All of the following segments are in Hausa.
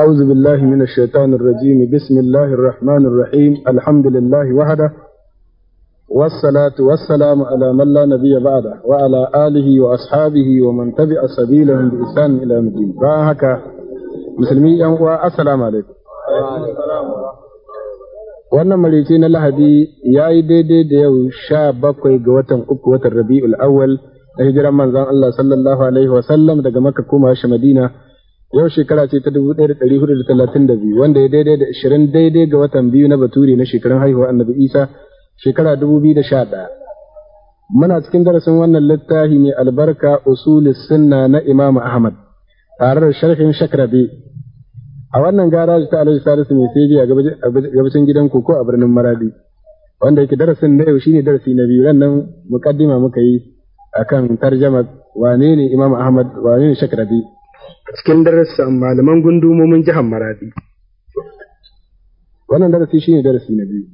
أعوذ بالله من الشيطان الرجيم بسم الله الرحمن الرحيم الحمد لله وحده والصلاة والسلام على من لا نبي بعده وعلى آله وأصحابه ومن تبع سبيلهم بإحسان إلى الدين باهك مسلمي والسلام عليكم wannan marici na lahadi ya yi daidai da yau sha bakwai ga watan uku watan rabi'ul awwal na hijiran manzon Allah sallallahu alaihi wasallam daga makka koma shi madina yau shekara ce ta dubu ɗaya da ɗari hudu da talatin da biyu wanda ya daidai da ashirin daidai ga watan biyu na baturi na shekarun haihuwa annabi isa shekara dubu biyu da sha ɗaya muna cikin darasin wannan littafi mai albarka usuli sunna na imamu ahmad tare da sharhin shakrabe a wannan garaji ta alaji salisu mai sai a gabacin gidan koko a birnin maradi wanda yake darasin na yau shine darasi na biyu nan mukaddima muka yi akan tarjama wane ne imamu ahmad wane ne shakrabe cikin darussan malaman gundumomin jihar Maradi. Wannan darasi shine darasi na biyu.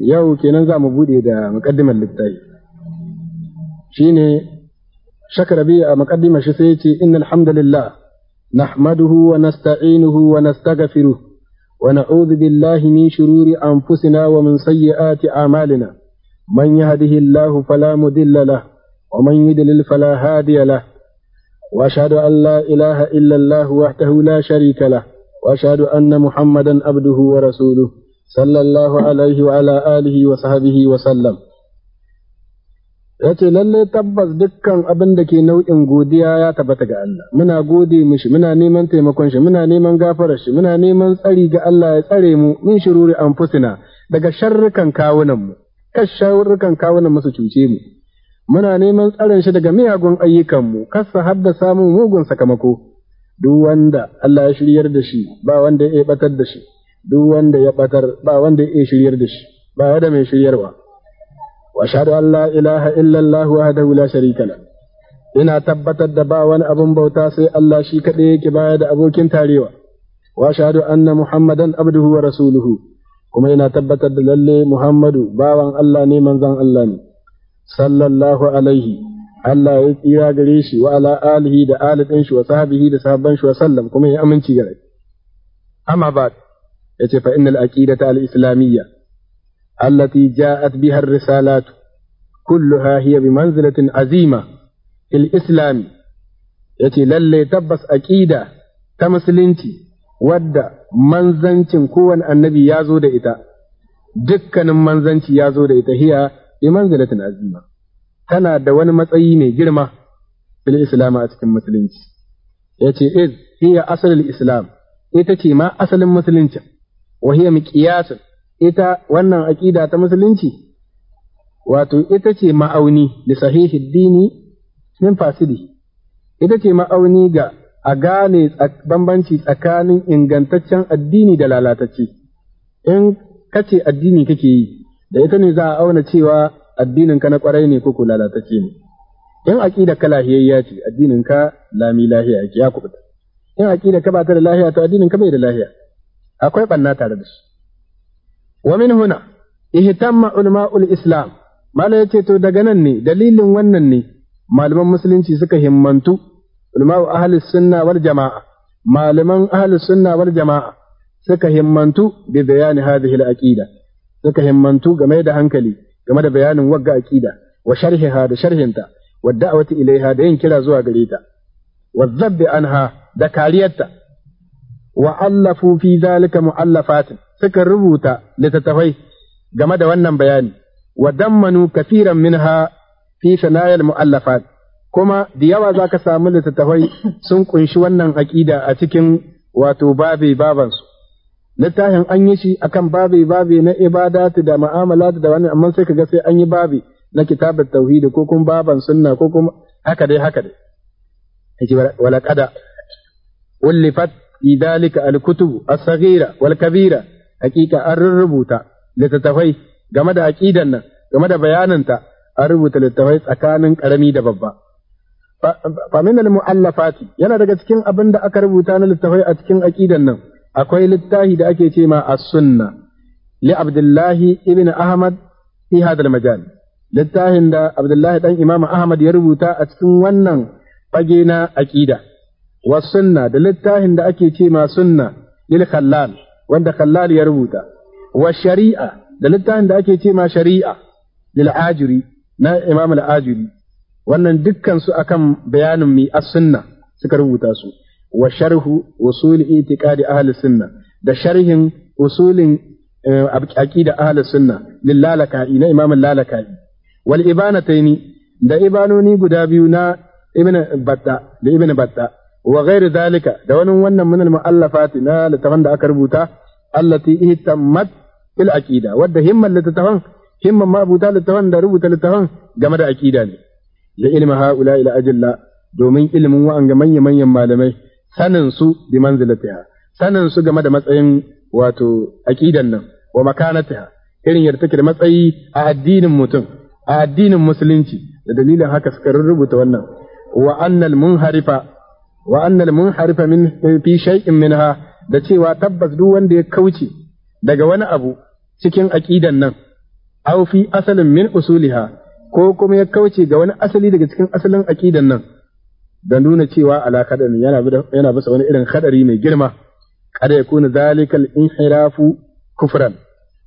Yau kenan za mu bude da muqaddimar littafi. Shine Shakarabi a muqaddimar shi sai ya ce innal hamdalillah nahmaduhu wa nasta'inuhu wa nastaghfiruh wa na'udhu billahi min shururi anfusina wa min sayyiati a'malina. man fala الله فلا مضل wa ومن يضلل فلا هادي له وأشهد أن لا إله إلا الله وحده لا شريك له وأشهد أن محمدا عبده ورسوله صلى الله عليه وعلى آله وصحبه وسلم yace lalle tabbas dukkan abin da ke nau'in godiya ya tabbata ga Allah muna gode mishi muna neman taimakon shi muna neman gafarar shi muna neman tsari ga Allah ya tsare mu min shururi anfusina daga sharrukan kawunan mu kash sharrukan kawunan mu su cuce mu muna neman tsarin shi daga miyagun ayyukanmu kasa hadda samun mugun sakamako duk wanda Allah ya shiryar da shi ba wanda ya batar da shi duk wanda ya batar ba wanda ya shiryar da shi ba ya da mai shiryarwa wa shaɗu Allah la ilaha illallah wahdahu la sharika la ina tabbatar da ba wani abun bauta sai Allah shi kadai yake baya da abokin tarewa wa shahadu anna muhammadan abduhu wa rasuluhu kuma ina tabbatar da lalle muhammadu bawan Allah ne manzon Allah ne sallallahu alaihi Allah ya tsira gare shi wa ala alihi da alidin shi wa sahbihi da sahabban shi wa sallam kuma ya aminci gare amma ba yace fa innal aqidata al islamiyya allati ja'at biha ar risalat kulluha hiya bi manzilatin azima il islam yace lalle tabbas aqida ta musulunci wadda manzancin kowane annabi ya zo da ita dukkanin manzanci ya zo da ita hiya bi manzilatin azima tana da wani matsayi mai girma fil islam a cikin musulunci yace iz hiya asalul islam ita ce ma asalin musulunci wa hiya miqyasun ita wannan aqida ta musulunci wato ita ce ma'auni li sahihi dini min fasidi ita ce ma'auni ga a gane bambanci tsakanin ingantaccen addini da lalatacce in kace addini kake yi da ita ne za a auna cewa addinin ka na kwarai ne ko ko lalatacce ne in aqida ka lahiyayya ce addinin ka lami lahiya yake ya kubuta in aqida ka ba ta da lahiya to addinin ka bai da lahiya akwai banna tare da shi wa min huna ihtamma ul islam mala yace to daga nan ne dalilin wannan ne malaman musulunci suka himmantu ulama ahli sunna wal jama'a malaman ahli sunna wal jama'a suka himmantu bi bayani hadhihi al aqida suka himmantu game da hankali game da bayanin wagga aqida wa sharhiha da sharhinta wa da'wati ilaiha da yin kira zuwa gare ta wa zabbi anha da kariyarta wa allafu fi zalika muallafatin suka rubuta littattafai game da wannan bayani wa dammanu kafiran minha fi sanayil muallafat kuma da yawa zaka samu littattafai sun kunshi wannan aqida a cikin wato babi babansu littafin an yi shi akan babi babi na ibadatu da mu'amalatu da wani amma sai kaga sai an yi babi na kitabar tauhidi ko kuma baban sunna ko kuma haka dai haka dai yace wala qada ulifat idalika alkutub as wal kabira hakika an rubuta littattafai game da aqidan nan game da bayananta an rubuta littattafai tsakanin karami da babba fa min al-mu'allafati yana daga cikin abin da aka rubuta na littattafai a cikin aqidan nan akwai littafi da ake ce ma as-sunna li Abdullahi ibn Ahmad fi hadal majal littafin da Abdullahi dan Imam Ahmad ya rubuta a cikin wannan fage na aqida Wa sunna da littafin da ake ce ma sunna lil khallal wanda khallal ya rubuta wa shari'a da littafin da ake ce ma shari'a lil ajiri na Imam al-Ajiri wannan dukkan su akan bayanin mi as-sunna suka rubuta su wa sharhu usul itiqadi ahli sunna da sharhin usulin eh, aqida ahli sunna lilalaka'i na imam lalaka'i wal ibanataini da ibanoni guda biyu na ibn batta da ibn batta wa ghairu zalika da wani wannan min al muallafati na littafan da aka rubuta allati ihtammat fil aqida wadda himman littafan himman mabuta littafan da rubuta littafan game da aqida ne li ilmi haula ila ajalla domin ilimin wa'anga manya manyan malamai sanin su bi manzilatiha sanin su game da matsayin wato aqidan nan wa makanatiha irin yadda take da matsayi a addinin mutum a addinin musulunci da dalilin haka suka rubuta wannan wa annal munharifa wa annal munharifa min fi shay'in minha da cewa tabbas duk wanda ya kauce daga wani abu cikin aqidan nan aw fi asalin min usuliha ko kuma ya kauce ga wani asali daga cikin asalin aqidan nan Don nuna cewa ala kadarin yana yana bisa wani irin haɗari mai girma kada ya kuna zalikal inhirafu kufran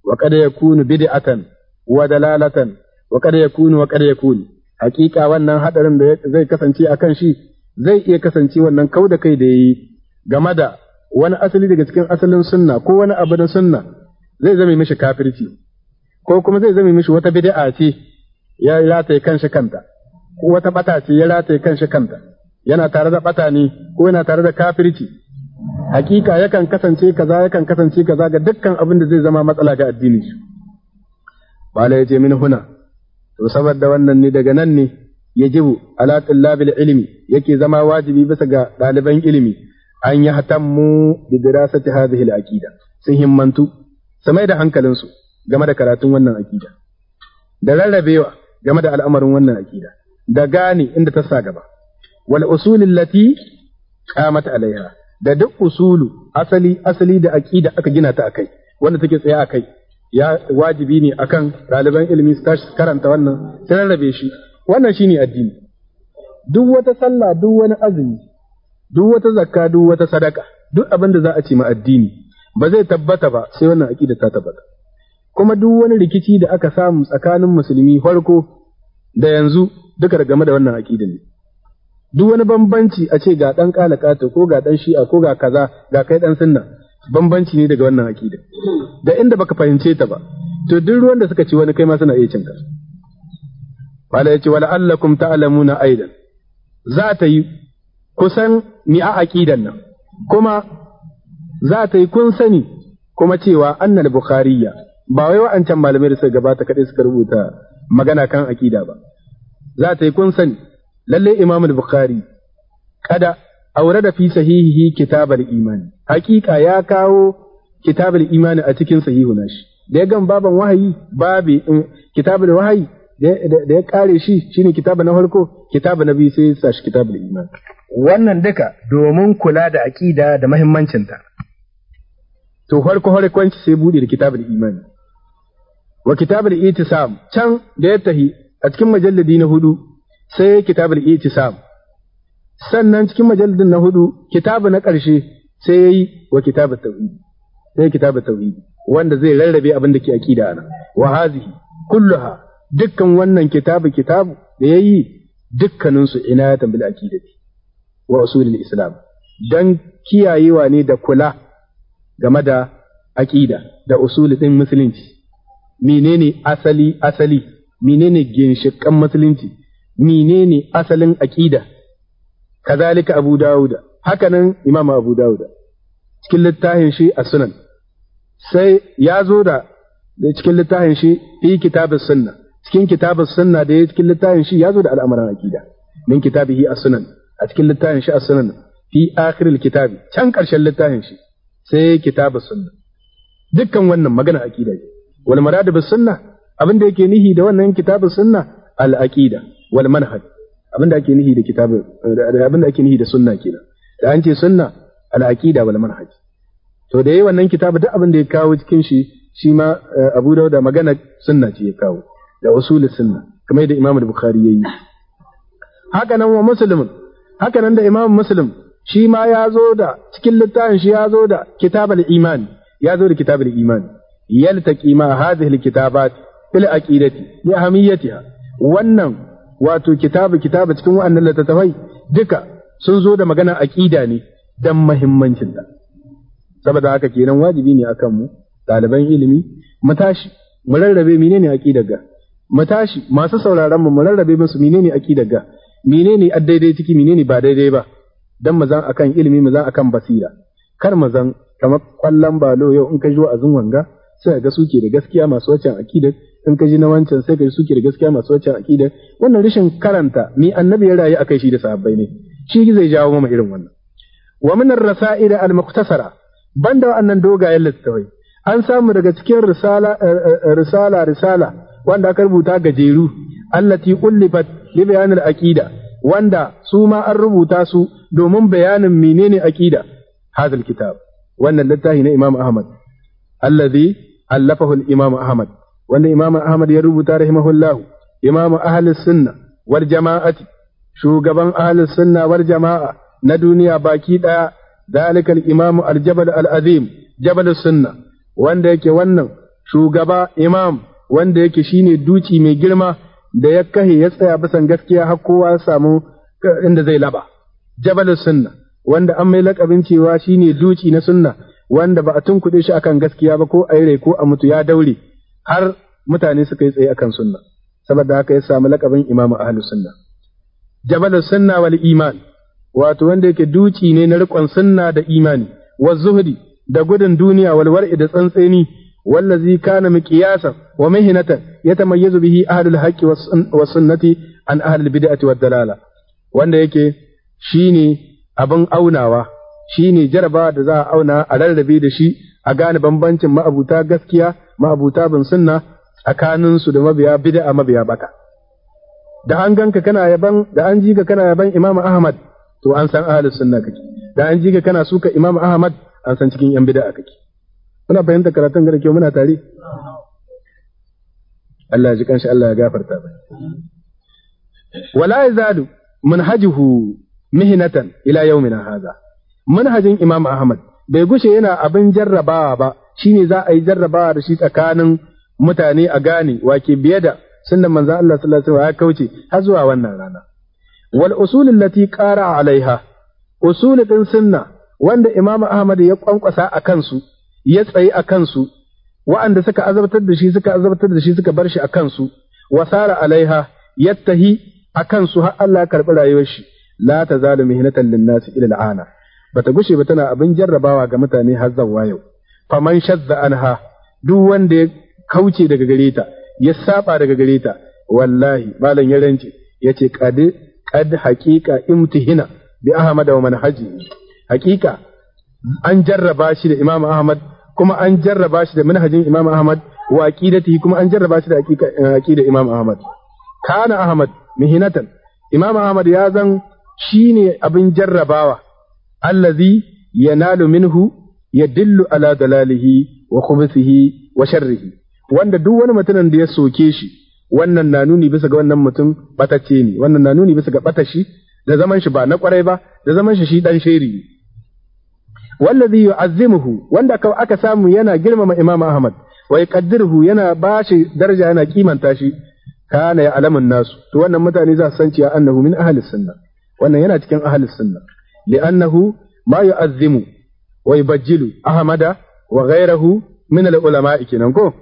wa kada ya kuna bid'atan wa dalalatan wa kada ya kuna wa kada ya kuna hakika wannan hadarin da zai kasance a kan shi zai iya kasance wannan kau da kai da yi. game da wani asali daga cikin asalin sunna ko wani abu da sunna zai zame mishi kafirci ko kuma zai zame mishi wata bid'a ce ya rataye kanshi kanta ko wata bata ce ya rataye kanshi kanta yana tare da bata ne ko yana tare da kafirci hakika yakan kasance kaza yakan kasance kaza ga dukkan abin da zai zama matsala ga addini su. bala yace min huna to saboda wannan ne daga nan ne yajibu ala tullabil ilmi yake zama wajibi bisa ga ɗaliban ilimi an yi hatammu bi dirasati hadhihi al-aqida sun himmantu su mai da hankalinsu game da karatun wannan aqida da rarrabewa game da al'amarin wannan aqida da gane inda ta sa gaba wal usulin lati qamat alaiha da duk usulu asali asali da aqida aka gina ta akai wanda take tsaye akai ya wajibi ne akan ɗaliban ilimi su tashi karanta wannan sai rarrabe shi wannan shine addini duk wata sallah duk wani azumi duk wata zakka duk wata sadaka duk abin da za a ce ma addini ba zai tabbata ba sai wannan aqida ta tabbata kuma duk wani rikici da aka samu tsakanin musulmi farko da yanzu duka game da wannan aqidin ne duk wani bambanci a ce ga ɗan kalakata ko ga ɗan shi'a ko ga kaza ga kai ɗan sunna bambanci ne daga wannan aƙida da inda baka fahimce ta ba to duk ruwan da suka ci wani kai ma suna iya cinka wala yace wala allakum ta'lamuna aidan za ta yi kusan ni a aqidan nan kuma za ta yi kun sani kuma cewa annal bukhariya ba wai wa'ancan malamai da suka gabata kadai suka rubuta magana kan aqida ba za ta yi kun sani lalle Imamul Bukhari kada aure da fi sahihihi kitabar imani hakika ya kawo kitabul imani a cikin sahihu nashi da ya gan baban wahayi babi um, kitabul wahayi da ya kare shi shine kitabu na farko kitabu na biyu sai ya shi kitabul imani wannan duka domin kula da aqida da ta to farko farkonci sai bude da kitabul imani wa kitabul itisam can da ya tahi a cikin majalladi na hudu sai kitabul itisam sannan cikin majalidin na hudu kitabu na ƙarshe sai ya yi wa kitabar tauhid sai kitabar tauhid wanda zai rarrabe abin da ke aqida ana wa hazihi kulluha dukkan wannan kitabu kitabu da yayi dukkanin su inayatan bil aqidati wa usulil islam dan kiyayewa ne da kula game da aqida da usuli din musulunci menene asali asali menene ginshiƙan musulunci menene asalin aƙida? kazalika abu dawuda hakanan imam abu dawuda cikin littafin shi a sunan sai ya zo da cikin littafin shi fi kitabus sunna cikin kitabus sunna da ya cikin littafin shi ya zo da al'amuran aqida min kitabihi a sunan a cikin littafin shi a sunan fi akhiril kitabi can ƙarshen littafin shi sai kitabus sunna dukkan wannan magana aqida ce wal maradu bis sunna abin da yake nihi da wannan kitabus sunna al-aqida wal manhaj abinda ake nihi da kitabin abinda ake nihi da sunna kenan da an ce sunna al-aqida wal manhaj to da yayi wannan kitabu duk abin da ya kawo cikin shi shi ma eh, Abu Dawud magana sunna ce ya kawo da usul sunna kamar da Imam Bukhari yayi haka nan wa Muslim haka nan da Imam Muslim shi ma ya zo da cikin littafin shi ya zo da kitabul iman ya zo da kitabul iman yaltaqi ma hadhihi al-kitabat bil aqidati li ahmiyatiha wannan wato kitabu kitabu cikin wa'annan littattafai duka sun zo da magana aƙida ne don mahimmancin ta saboda haka kenan wajibi ne akan mu ɗaliban ilimi mu tashi mu rarrabe menene aƙidar ga mu tashi masu sauraron mu mu rarrabe musu menene aƙidar ga menene a daidai ciki menene ba daidai ba dan mu zan akan ilimi mu zan akan basira kar mu zan kamar kwallon balo yau in ka ji wa'azin wanga sai ga suke da gaskiya masu wacan akidar in ka ji na wancan sai ka ji suke da gaskiya masu wancan aqida wannan rashin karanta mi annabi ya rayu akai shi da sahabbai ne shi zai jawo mana irin wannan wa min ar-rasa'il al-muqtasara banda wa'annan dogayen littafai an samu daga cikin risala eh, eh, eh, risala risala wanda aka rubuta gajeru allati qullifat li bayan al-aqida wanda su ma an rubuta su domin bayanin menene aqida hadal kitab wannan littafi na Imam Ahmad allazi allafahu al-Imam Ahmad wanda Imam Ahmad ya rubuta rahimahullahu imamu Ahlis Sunna wal Jama'ati shugaban Ahlis Sunna wal Jama'a na duniya baki daya dalikal Imam al-Jabal al-Azim Jabal Sunna wanda yake wannan shugaba Imam wanda yake shine duci mai girma da ya kahe ya tsaya bisan gaskiya har kowa ya samu inda zai laba Jabal Sunna wanda an mai lakabin cewa shine duci na sunna wanda ba a tunkuɗe shi akan gaskiya ba ko a yi ko a mutu ya daure har mutane suka yi tsaye akan sunna saboda haka ya samu lakabin imamu ahlu sunna jabal sunna wal iman wato wanda yake duci ne na riƙon sunna da imani wa zuhdi da gudun duniya wal war'i da tsantseni wallazi kana miqyasa wa mihnatan yatamayyazu bihi al haqqi was sunnati an al bid'ati wad dalala wanda yake shine abin aunawa shine jarabawa da za a auna a rarrabe da shi a gane bambancin ma'abuta gaskiya ma'abuta bin sunna tsakanin su da mabiya bid'a mabiya baka da an ganka kana yaban da an ji ka kana yaban Imam Ahmad to an san ahlus sunna kake da an ji ka kana suka Imam Ahmad an san cikin yan bid'a kake muna bayanta karatun da kyau muna tare Allah ya ji kanshi Allah ya gafarta bai wala yazadu manhajuhu mihnatan ila yawmina hadha manhajin Imam Ahmad bai gushe yana abin jarrabawa ba shi ne za a yi jarrabawa da shi tsakanin mutane a gane wake biye da da manzan Allah sallallahu alaihi ya kauce har zuwa wannan rana wal usul ƙara qara alaiha usuli din sunna wanda Imam Ahmad ya kwankwasa a kansu ya tsayi a kansu wa'anda suka azabtar da shi suka azabtar da shi suka bar shi a kansu wasara alaiha yattahi a kansu har Allah ya karbi rayuwar shi la tazalu mihnatan lin-nasi ila bata gushe ba tana abin jarrabawa ga mutane har zawwa yau faman shadda anha duk wanda ya kauce daga gare ta ya saba daga gare ta wallahi malam ya rance yace qad qad haqiqa imtihina bi ahmad wa manhaji haqiqa an jarraba shi da imam ahmad kuma an jarraba shi da manhajin imam ahmad wa aqidatihi kuma an jarraba shi da aqida imam ahmad kana ahmad mihinatan imam ahmad ya zan shine abin jarrabawa allazi yanalu minhu yadillu ala dalalihi wa khubuthihi wa sharrihi wanda duk wani mutumin da ya soke shi wannan na nuni bisa ga wannan mutum batacce ne wannan na nuni bisa ga batashi da zaman shi ba na kwarai ba da zaman shi shi dan sheri wallazi yu'azzimuhu wanda aka samu yana girmama Imam Ahmad wa yaqaddiruhu yana bashi daraja yana kimanta shi kana ya alamun nasu to wannan mutane za su san cewa annahu min ahli sunna wannan yana cikin ahli sunna لأنه ما يؤذم ويبجل أحمد وغيره من العلماء كننكو ko?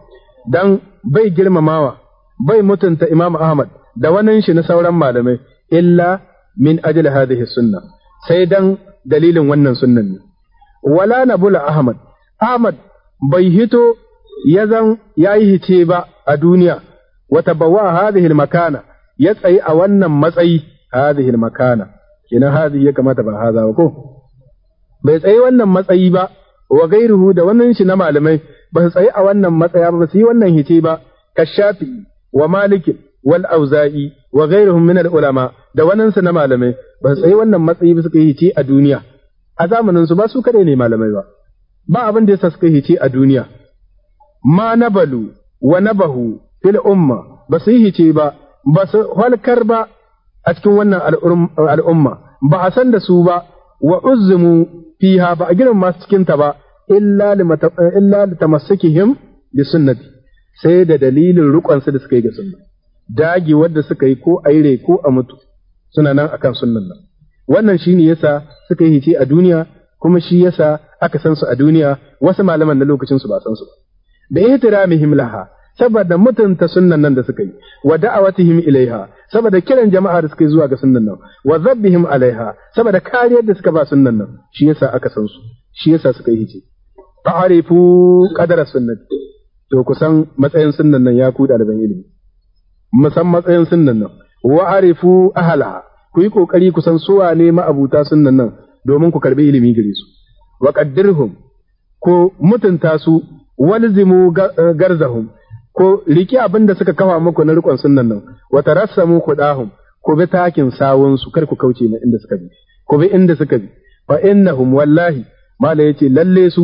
Dan bai girmamawa bai mutunta إمام Ahmad da wannan shi na sauran malamai illa min ajli hadhihi sunna sai dan dalilin wannan sunnan ne wala nabula ahmad ahmad bai hito ya zan yayi hice ba a duniya Wata tabawwa hadhihi makana ya tsayi a wannan matsayi hadhihi makana kenan hazi ya kamata ba haza ba ko bai tsaye wannan matsayi ba wa gairuhu da wannan shi na malamai ba su tsaye a wannan matsaya ba su yi wannan hice ba ka shafi wa malikin wal auza'i wa gairuhum min al ulama da wannan su na malamai ba su tsaye wannan matsayi ba su kai hice a duniya a zamanin su ba su kare ne malamai ba ba abin da yasa suka hice a duniya ma nabalu wa nabahu fil umma ba su yi hice ba ba su halkar ba a cikin wannan al'umma ba a san da su ba wa uzzimu fiha ba a girma masu cikin ta ba illa li tamassukihim bi sunnati sai da dalilin rukunsu da suka yi ga sunna dagi wanda suka yi ko aire ko a mutu suna nan akan sunnan nan wannan shine yasa suka yi hice a duniya kuma shi yasa aka san su a duniya wasu malaman na lokacin su ba san su ba bi ihtiramihim laha saboda mutunta sunnan nan da suka yi wa da'awatihim ilaiha saboda kiran jama'a da suka yi zuwa ga sunnan nan wa zabbihim alaiha saboda kariyar da suka ba sunnan nan shi yasa aka san su shi yasa suka yi hiji ta'arifu qadara sunnati to kusan matsayin sunnan nan ya ku ɗaliban ilimi musan matsayin sunnan nan wa arifu ahalaha ku yi kokari ku san suwa ne ma'abuta sunnan nan domin ku karbi ilimi gare su wa qaddirhum ko mutunta su walzimu eh, garzahum ko riki abin da suka kafa muku na rikon sunnan nan Wata tarassamu khudahum ku bi takin sawun su kar kauce ne inda suka bi ku bi inda suka bi fa innahum wallahi mala yace lalle su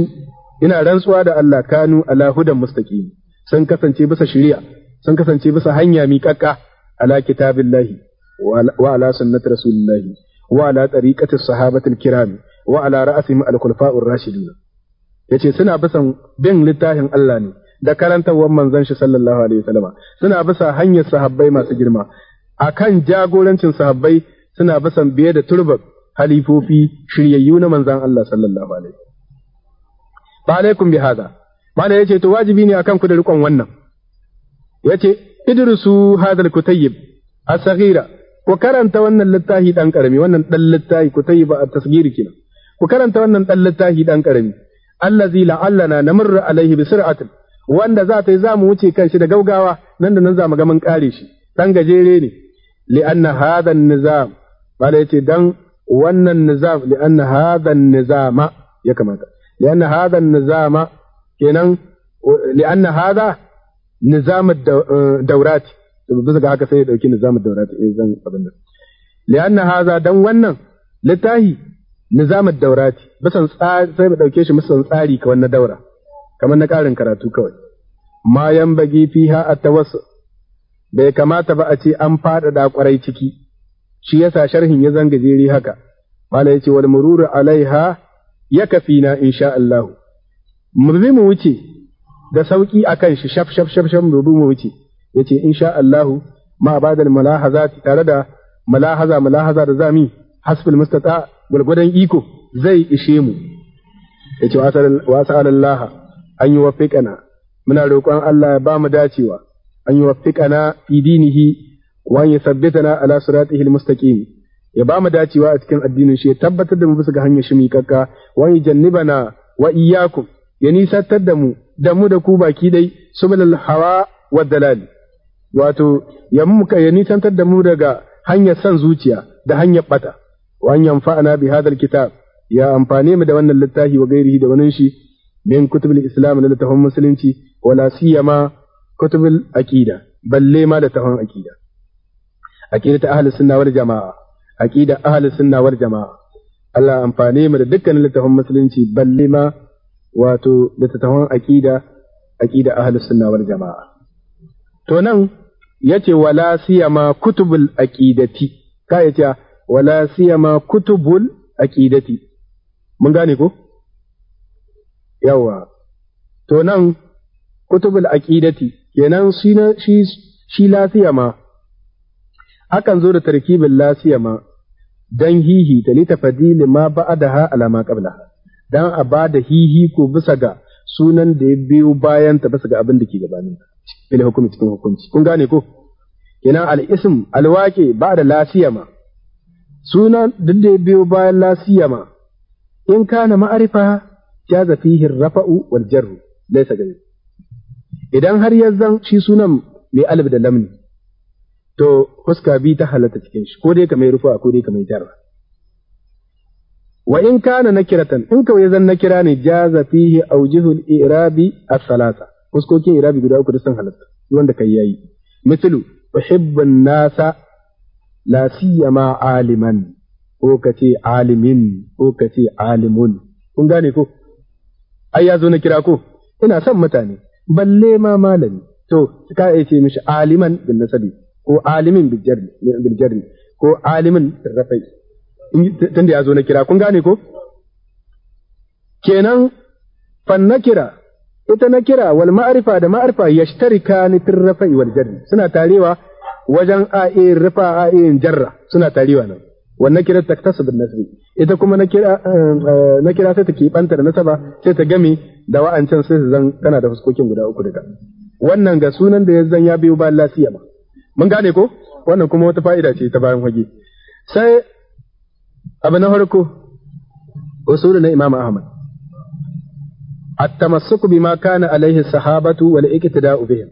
ina rantsuwa da Allah kanu ala hudan mustaqim sun kasance bisa shari'a sun kasance bisa hanya miƙaƙƙa ala kitabillahi wa ala sunnati rasulillahi wa ala tariqati sahabatil kiram wa ala ra'sihim al-khulafa'ur rashidun yace suna bisa bin littafin Allah ne da karantarwar manzon shi sallallahu alaihi wasallam suna bisa hanyar sahabbai masu girma akan jagorancin sahabbai suna bisa biye da turbar halifofi shiryayyu na manzon Allah sallallahu alaihi ba alaikum bi hada mana yace to wajibi ne akan ku da rikon wannan yace idrisu hadal kutayyib as-saghira ku karanta wannan littafi dan karami wannan dan littafi kutayyib at-tasghiri kina ku karanta wannan dan littafi dan karami allazi la'allana namurra alaihi bi sir'atin wanda za ta yi za mu wuce kan shi da gaugawa nan da nan za mu ga mun kare shi dan gajere ne anna hadha nizam bala yace dan wannan nizam anna hadha nizama ya kamata anna hadha nizama kenan anna hadha nizam ad-dawrat bisa ga haka sai ya dauki nizam ad-dawrat eh zan abin nan anna hadha dan wannan litahi nizam ad bisan tsari sai mu dauke shi musan tsari ka wannan daura kamar na ƙarin karatu kawai ma yan bagi ha a wasu. bai kamata ba a ce an faɗaɗa ƙwarai ciki shi ya sa sharhin ya zanga jiri haka mala yace wani mururu alaiha yakfina insha Allah mu bi mu wuce da a akan shi shaf shaf shaf shaf mu bi mu wuce in sha Allahu ma ba da malahaza tare da mulahaza mulahaza da zami hasbul mustata gulgudan iko zai ishe mu Ya ce wa sa'alallaha an yi wafiƙana muna roƙon Allah ya ba mu dacewa an yi wafiƙana fi dinihi wa an yuthabbitana ala siratihi almustaqim ya ba mu dacewa a cikin addinin shi ya tabbatar da mu bisa ga hanyar shi miƙaƙƙa wa yujannibana wa iyakun. ya nisantar da mu da mu da ku baki dai subulal hawa wa dalal wato ya muka ya nisantar da mu daga hanyar son zuciya da hanyar ɓata. Wani an yanfa'ana bi hadal kitab ya amfane mu da wannan littafi wa gairihi da wannan shi min kutubul islam na littafin musulunci wala siyama kutubul aqida balle ma da tahon aqida ta ahlus jamaa aqida ahlus jamaa Allah amfane mu da dukkanin littafin musulunci balle ma wato da tahon aqida aqida jamaa to nan yace wala siyama kutubul aqidati ka yace wala siyama kutubul aƙidati mun gane ko yawa to nan kutubul aqidati kenan shi shi shi lafiya ma akan zo da tarkibin lafiya ma dan hihi da litafadili ma ba'daha ala ma qabla dan a ba da hihi ko bisa ga sunan da ya biyo bayan ta bisa ga abin da ke gabanin ta bil hukumi cikin hukunci kun gane ko kenan al ism al waqi ba da ma. sunan duk da ya biyo bayan ma. in kana ma'arifa jaza fihi rafa'u wal jarru laysa gari idan har yanzu shi sunan mai alif da lamni to huska bi ta halatta cikin shi ko dai ka mai rufa ko dai ka mai jarra wa in kana nakiratan in kawai zan nakira ne jaza fihi awjihul i'rabi as-salasa huskokin i'rabi guda uku sun halatta wanda kai yayi mithlu uhibbu nasa la siyama aliman ko kace alimin ko kace alimun kun gane ko ai ya zo na kira ko ina son mutane balle ma malami to ka iya ce mishi aliman bin nasabi ko alimin bil jarri ko alimin rafai tunda ya zo na kira kun gane ko kenan fan na kira ita na kira wal ma'arifa da ma'arifa yashtarika ni fil rafai wal jarri suna tarewa wajen a'in rafa a'in jarra suna tarewa nan wannan kira ta tasu da nasbi ita kuma na kira eh, na sai ta kibanta da nasaba sai ta gami da wa'ancan sai su zan tana da fuskokin guda uku daga wannan ga sunan da ya zan ya biyo ba lafiya ba mun gane ko wannan kuma wata fa'ida ce ta bayan fage sai abu na farko usulu na imam ahmad at-tamassuk bima kana alaihi sahabatu wal da bihim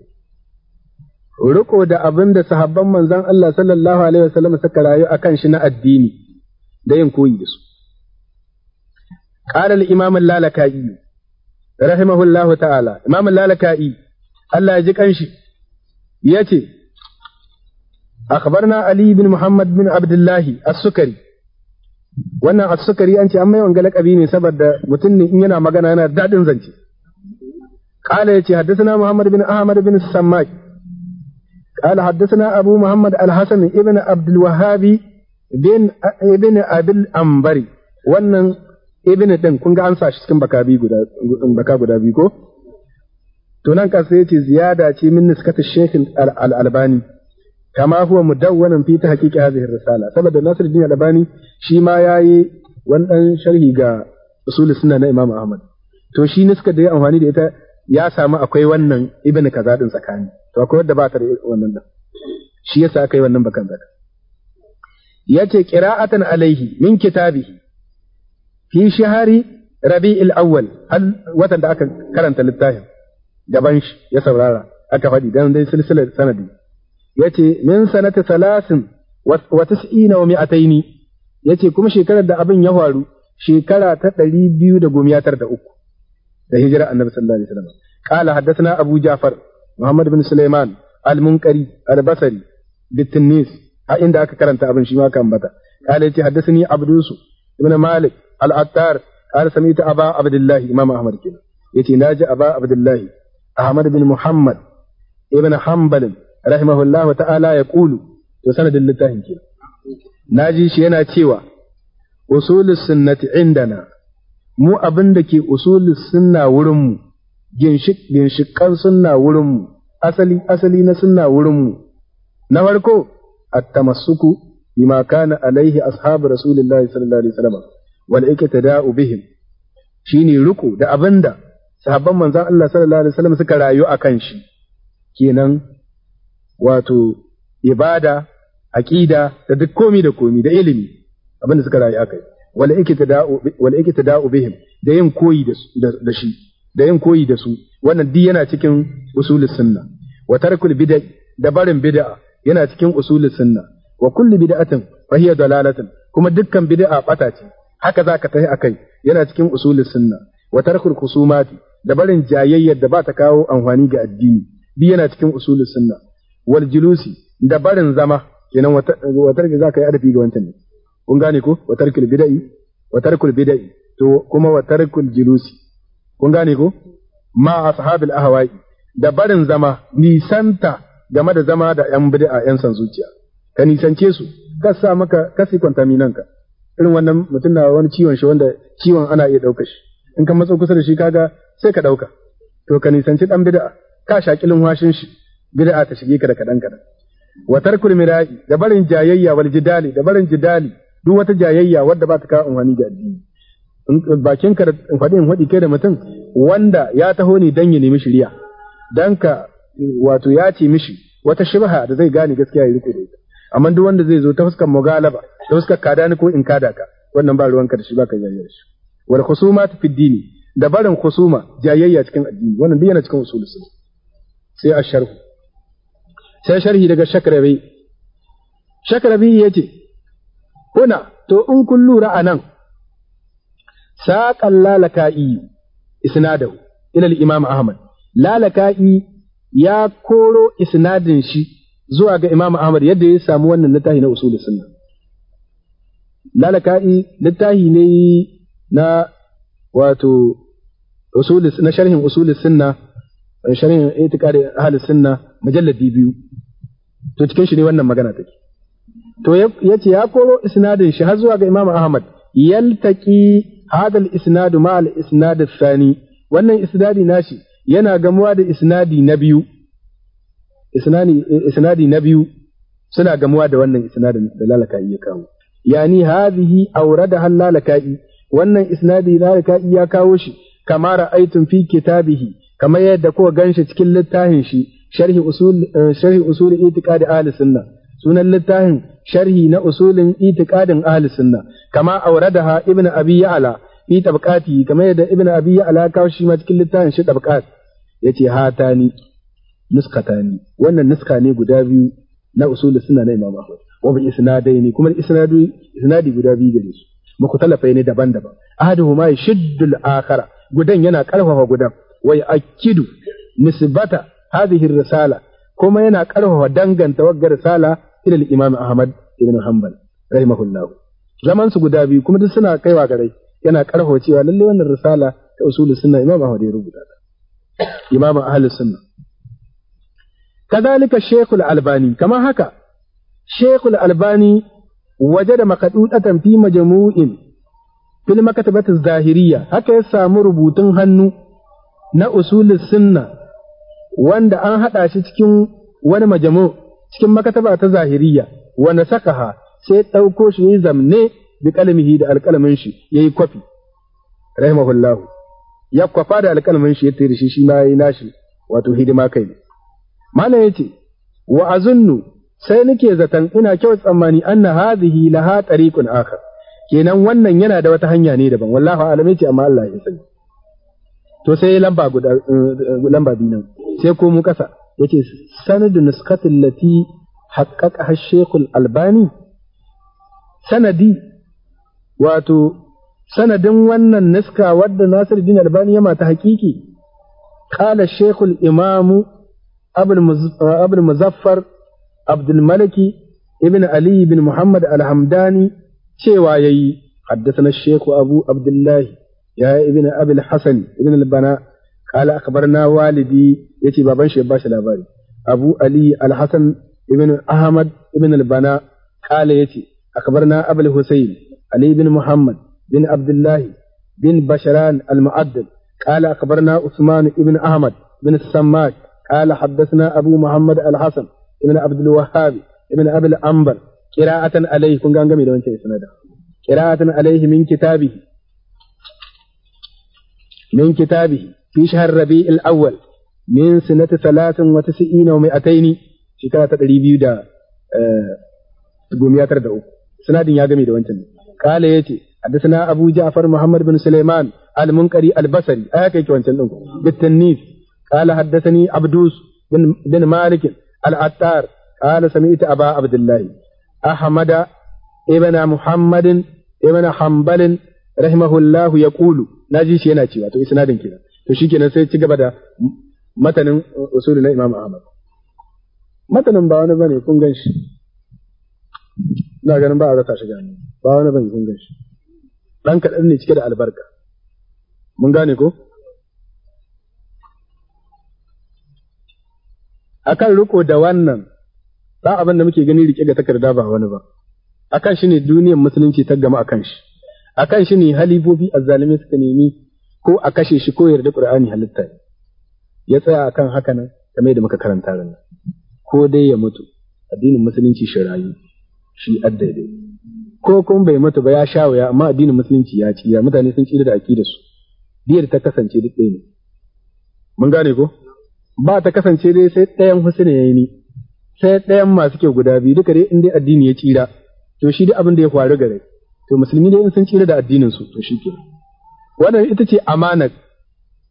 riko da abin da sahabban manzon Allah sallallahu alaihi wasallam suka rayu akan shi na addini da yin koyi da su qala al-imam al-lalaka'i rahimahullahu ta'ala imam al-lalaka'i Allah ya ji kanshi yace akhbarna ali bin muhammad bin abdullahi as-sukari wannan as-sukari an ce an mai wanga lakabi ne saboda mutum ne in yana magana yana dadin zance qala yace حدثنا Muhammad bin ahmad bin السماك قال حدثنا أبو محمد AlHassan, ابن عبد الوهاب بن ابن أبي الأنبري wannan din kun ga an sa shi cikin baka bi guda biyu ko to nan ka sai yace ce min niskat shaykh al-albani kama huwa mudawwanan fi tahqiqi hadhihi risala saboda Nasiruddin al-Albani shi ma yayi wani dan sharhi ga usul sunna na Imam Ahmad to shi niska da ya amfani da ita ya samu akwai wannan ibn kaza din tsakani to akwai wadda ba ta da wannan din shi yasa aka yi wannan bakan zaka yace qira'atan alaihi min kitabi fi hari rabi'il awwal watan da aka karanta littafin gaban shi ya saurara aka faɗi dan dai silsilar sanadi yace min sanati salasin wa tis'ina wa mi'ataini yace kuma shekarar da abin ya faru shekara ta ɗari biyu da gomiyatar da uku da hijira annabi sallallahu alaihi wasallam qala haddathana abu ja'far muhammad bin sulaiman al-munqari al-basri bitinis a inda aka karanta abin shi ma kan bata qala yace haddathani abdusu ibn malik al-attar qala sami'tu aba abdullah imam ahmad kina yace naji aba abdullah ahmad bin muhammad ibn hanbal rahimahullahu ta'ala yaqulu to sanadin littafin Na naji shi yana cewa usulus sunnati na. mu abin da ke usulis sunna wurinmu ginshiƙan sunna wurinmu asali asali na sunna wurinmu na farko at-tamassuku bima kana alaihi ashabu rasulillahi sallallahu alaihi wasallam wal iktida'u bihim shine ruku da abinda sahabban manzon Allah sallallahu alaihi wasallam suka rayu akan shi kenan wato ibada aqida da duk komi da komi da ilimi abin da suka rayu akai wal iktida'u bihim da yin koyi da shi da yin koyi da su wannan duk yana cikin usulul sunna wa tarkul bid'a da barin bid'a yana cikin usulul sunna wa kullu bid'atin fa hiya dalalatin kuma dukkan bid'a bata ce haka zaka tafi akai yana cikin usulul sunna wa tarkul khusumati da barin jayayyar da ba ta kawo amfani ga addini duk yana cikin usulul sunna wal julusi da barin zama kenan wa tarki zaka yi adabi ga wancan ne kun gane ko wa tarkul bida'i wa tarkul bida'i to kuma wa tarkul julusi kun gane ko ma ashabil ahwa'i da barin zama nisanta game da zama da yan bid'a yan san zuciya ka nisance su ka sa maka ka sikwanta minanka irin wannan mutum na wani ciwon shi wanda ciwon ana iya daukar shi in ka matso kusa da shi kaga sai ka ɗauka to ka nisanci ɗan bid'a ka shakilin washin shi bid'a ta shige ka da kaɗan kaɗan wa tarkul mira'i da barin jayayya wal jidali da barin jidali duk wata jayayya wadda ba ta kawo amfani ga addini bakin ka da faɗi in faɗi kai da mutum wanda ya taho ne dan ya nemi shari'a dan ka wato ya ce mishi wata shibha da zai gane gaskiya ya riko da ita amma duk wanda zai zo ta fuskar mugalaba ta fuskar kada ni ko in kada ka wannan ba ruwanka da shi ba ka jayayya shi wal khusumat fi dini da barin khusuma jayayya cikin addini wannan duk yana cikin usulus sai sai sharhu sai sharhi daga shakrabi shakrabi yace Kuna, to in kun lura a nan, saƙan lalaka'i isnadahu ilal Imam Ahmad, lalaka'i ya koro isnadin shi zuwa ga Imam Ahmad yadda ya samu wannan littafi na usulun sunna. Lalaka'i littafi ne na wato na sharhin usulul sunna sharhin itiqadi ahlus sunna majalladi biyu to cikin shi ne wannan magana take to ya ce ya koro isnadin shi har zuwa ga Imam Ahmad yaltaki hadal al-isnad ma al-isnad ath-thani wannan isnadi nashi yana gamuwa da isnadi na biyu isnadi na biyu suna gamuwa da wannan isnadin da lalaka'i ya kawo yani hadhihi awradaha lalaka'i wannan isnadi lalaka'i ya kawo shi kama ra'aytum fi kitabihi kamar yadda kuka ganshi cikin littafin shi sharhi usul eh, sharhi usul itiqadi ahli sunna sunan littafin sharhi na usulin itiqadin ahli sunna kama auradaha ibnu abi ya'la fi tabqati kama yadda ibnu abi ya'la kawo shi ma cikin littafin shi tabqat yace hatani nuskatani wannan nuska ne guda biyu na usulin sunna na imam ahmad wa bi isnadaini kuma isnadu isnadi guda biyu gare su muku talafai ne daban-daban ahaduhuma yashiddul akhara gudan yana karfafa gudan wai akidu nisbata hadhihi risala kuma yana karfafa danganta wagga risala ila al-imam Ahmad ibn Hanbal rahimahullah zaman su guda biyu kuma duk suna kaiwa garai yana karho cewa lalle wannan risala ta usulus sunna imam Ahmad ya rubuta ta imam ahlus sunna kadhalika shaykhul albani kama haka shaykhul albani wajada maqdudatan fi majmu'in fil maktabati zahiriyya haka ya samu rubutun hannu na usulus sunna wanda an hada shi cikin wani majamu' cikin makataba ta zahiriya wa nasakaha sai ɗauko shi yi zamne bi kalmihi da alƙalamin shi yayi kwafi rahimahullahu ya kwafa da alƙalamin shi ya tare shi shi ma yayi nashi wato hidima kai ne malam yace wa azunnu sai nake zaton ina kyau tsammani anna hadhihi laha tariqun akhar kenan wannan yana da wata hanya ne daban wallahu alame yace amma Allah ya sani to sai lamba guda eh, lamba biyu nan sai ko mu kasa yace sanadu nuskatin lati haqqaqa shekul albani sanadi wato sanadin wannan nuska wadda Nasir bin Albani ya mata hakiki Kala shekul imamu Abul muzaffar عبد الملك ابن علي بن محمد cewa yayi na sheku Abu Abdullahi, ya ibn Abi hasan ibn bana qala akhbarna walidi yace baban shi ya bashi labari abu ali al-hasan ibn ahmad ibn al-bana qala yace akhbarna abul husayn ali ibn muhammad bin abdullah bin basharan al-mu'addal قال أخبرنا عثمان بن أحمد بن السماك قال حدثنا أبو محمد الحسن بن عبد الوهاب بن أبي الأنبر قراءة عليه قراءة عليه من كتابه من كتابه fi shahar rabi'il awwal min sanati salatin wa tis'ina wa mi'ataini shekara ta ɗari biyu da gomiya tara da uku sanadin ya game da wancan kala yace حدثنا أبو جعفر محمد بن سليمان المنكري البصري آية كي بالتنيف قال حدثني عبدوس بن مالك العطار قال سمعت أبا عبد الله أحمد ابن محمد ابن حنبل رحمه الله يقول نجي شينا تشيوا تو اسنادين كده to shikenan sai ci gaba da matanin usuli na Imam Ahmad matanin ba wani bane kun ganshi ina ganin ba a rasa shi gani ba wani bane kun ganshi dan kadan ne cike da albarka mun gane ko akan riko da wannan ba abin da muke gani rike ga takarda ba wani ba akan shi ne duniyar musulunci ta gama akan shi akan shi ne halibobi azzalimi suka nemi ko a kashe shi ko yarda Qur'ani halitta ne ya tsaya akan haka nan kamar da muka karanta ran ko dai ya mutu addinin musulunci shi rayu shi addaidai ko kuma bai mutu ba ya sha wuya amma addinin musulunci ya ci mutane sun ci da aqidar su diyar ta kasance duk ɗaya ne mun gane ko ba ta kasance dai sai ɗayan husna yayi ni sai ɗayan masu kyau guda biyu duka dai in dai addini ya tsira to shi duk abin da ya faru gare to musulmi dai in sun tsira da addinin su to shi kenan wannan ita ce amanar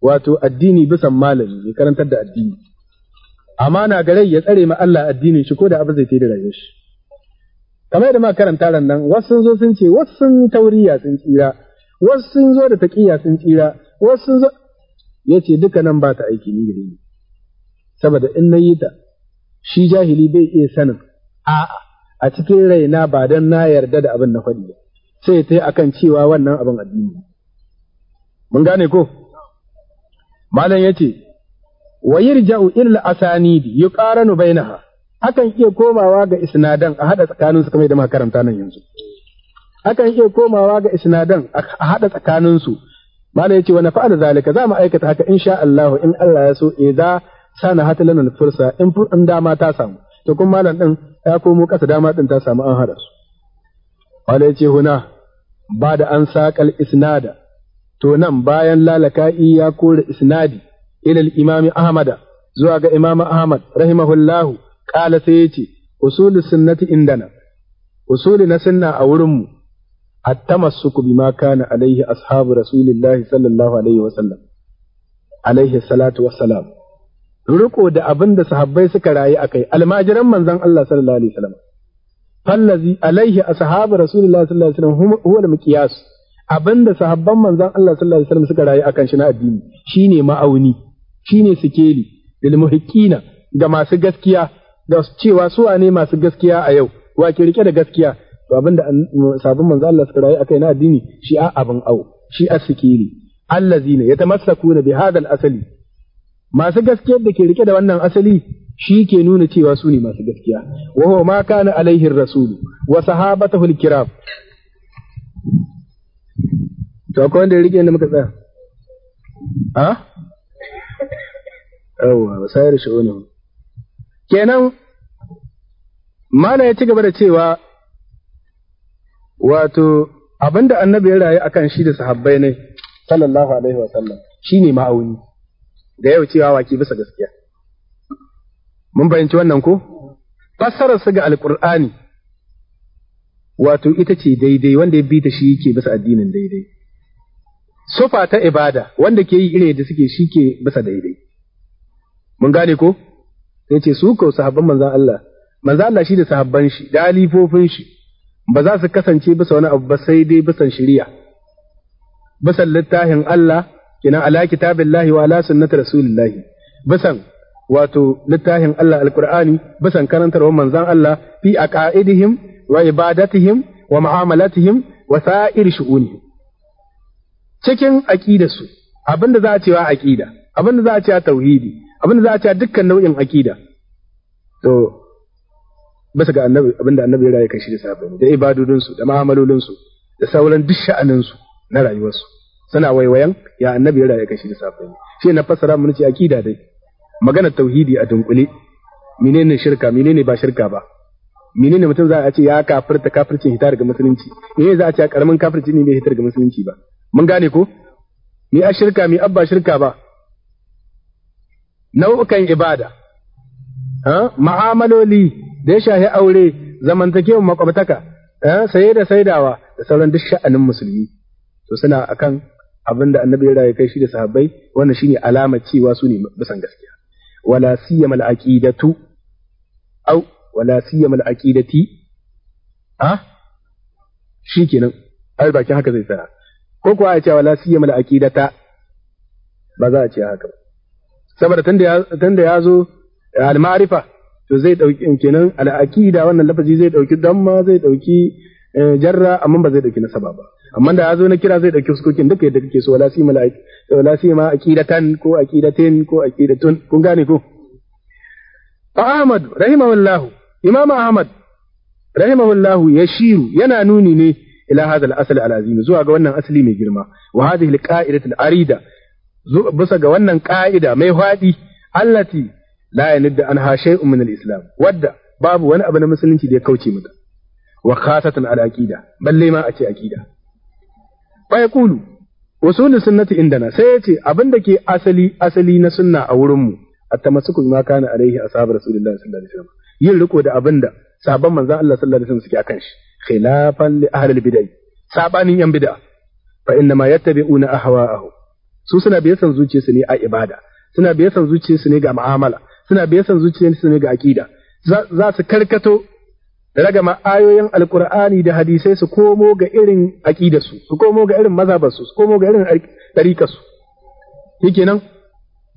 wato addini bisan malami ya karantar da addini amana ga rai ya tsare ma Allah addinin shi ko da abu zai da rayuwar shi kamar da ma karanta ran nan wasu sun zo sun ce wasu sun tauriya sun tsira wasu sun zo da taqiya sun tsira wasu sun zo yace duka nan ba ta aiki ni gare ni saboda in nayi ta shi jahili bai iya sanin a a cikin raina ba dan na yarda da abin na faɗi sai ta yi akan cewa wannan abin addini mun gane ko malam yace wa yirja'u illa asanidi yuqaranu bainaha akan iya komawa ga isnadan a hada tsakanin su kamar da makaranta nan yanzu akan iya komawa ga isnadan a hada tsakanin su malam yace wa nafa'al zalika za mu aikata haka insha Allah in Allah ya so idza sana hatalan fursa in in dama ta samu to kun malam din ya komo kasa dama din ta samu an hada su malam yace huna ba da an saqal isnada to nan bayan lalaka'i ya kore isnadi ilal imami ahmada zuwa ga imam ahmad rahimahullahu kala sai ya ce usulu sunnati indana usuli na sunna a wurinmu attamassuku bima kana alaihi ashabu rasulillahi sallallahu alaihi wa sallam alaihi salatu wa salam. riko da abin da sahabbai suka rayu a kai almajiran manzon Allah sallallahu alaihi wa sallam fallazi alaihi ashabu rasulillahi sallallahu alaihi wa sallam huwa al-miqyas abinda sahabban manzon Allah sallallahu alaihi wasallam suka rayu akan shi na addini shine ma'auni shine sikeli lil muhiqina ga masu gaskiya da cewa su ne masu gaskiya a yau wa ke rike da gaskiya to abinda sahabban manzon Allah suka rayu akai na addini shi a abin au shi a sikeli allazina yatamassakuna bi hadal asali masu gaskiyar da ke rike da wannan asali shi ke nuna cewa su ne masu gaskiya wa huwa ma kana alaihi rasulu wa sahabatahu al-kiram to akwai wanda ya rike inda muka tsaya a yawwa wasayar shi'unin kenan mana ya ci gaba da cewa wato abinda annabi ya rayu akan shi da sahabbai ne sallallahu alaihi wa sallam shine ma'auni da yau cewa waki bisa gaskiya mun bayanci wannan ko fassarar su ga alqur'ani wato ita ce daidai wanda ya bi ta shi yake bisa addinin daidai sufa ta ibada wanda ke yi irin da suke shi ke bisa daidai mun gane ko sai ce su ko sahabban manzan Allah manzan Allah shi da sahabban shi da alifofin shi ba za su kasance bisa wani abu ba sai dai bisan shirya. bisan littafin Allah kina ala lahi wa ala sunnati rasulillahi bisan wato littafin Allah alkur'ani bisan karantarwar manzan Allah fi a ka'idihim wa ibadatihim wa ma'amalatihim wa sa'ir shu'uni cikin aqida su abinda za a cewa abin abinda za a cewa tauhidi abinda za a cewa dukkan nau'in aƙida, to bisa ga annabi abinda annabi ya rayu kashi da sabon da ibadodin su da ma'amalolin su da sauran duk sha'anin su na rayuwar su suna waiwayan ya annabi ya rayu kashi da sabon shi na fassara mun ce aƙida dai magana tauhidi a dunkule menene shirka menene ba shirka ba menene mutum za a ce ya kafirta kafircin hitar ga musulunci Menene za a ce karamin kafircin ne bai hitar ga musulunci ba mun gane ko mi a shirka mi abba shirka ba nau'ukan ibada ma'amaloli da ya shahi aure zamantakewa makwabtaka saye da saidawa da sauran duk sha'anin musulmi to suna akan abin da annabi ya kai shi da sahabbai wannan shine alamar cewa su ne bisan gaskiya wala siya al-aqidatu au wala siyama al-aqidati ha shikenan ai bakin haka zai tsaya ko kuwa a ce wala siyamal aqidata ba za a ce haka ba saboda tunda ya zo eh, al-ma'rifa to zai dauki kenan al-aqida wannan lafazi zai dauki damma zai dauki eh, jarra amma ba zai dauki nasaba ba amma da ya zo na kira zai dauki huskokin duka yadda kake so wala si mala'ik wala siya ma aqidatan ko aqidatin ko aqidatun kun gane ko Ahmad rahimahullahu Imam Ahmad rahimahullahu yashiru yana nuni ne ila hadha al-asl al-azim zuwa ga wannan asali mai girma wa hadhihi al-qa'idatu al-arida bisa ga wannan ƙa'ida mai hwadi allati la yanidda anha shay'un min al-islam wadda babu wani abu na musulunci da ya kauce mata wa khasatan al-aqida balle ma a ce aqida fa yaqulu usulus sunnati indana sai yace abinda ke asali asali na sunna a wurin mu at-tamassuku bima kana alaihi ashabu rasulillahi sallallahu alaihi wasallam yin riko da abinda sabon manzon Allah sallallahu alaihi wasallam suke akan shi khilafan li ahlil bid'ah sabanin yan bid'a fa inna ma yattabi'una ahwa'ahum su suna biye san zuciyarsu ne a ibada suna biye san zuciyarsu ne ga mu'amala suna biye san zuciyarsu ne ga aqida za su karkato ragama ayoyin alkur'ani da hadisai su komo ga irin aqidarsu su komo ga irin mazhabarsu su komo ga irin ɗarikarsu yake nan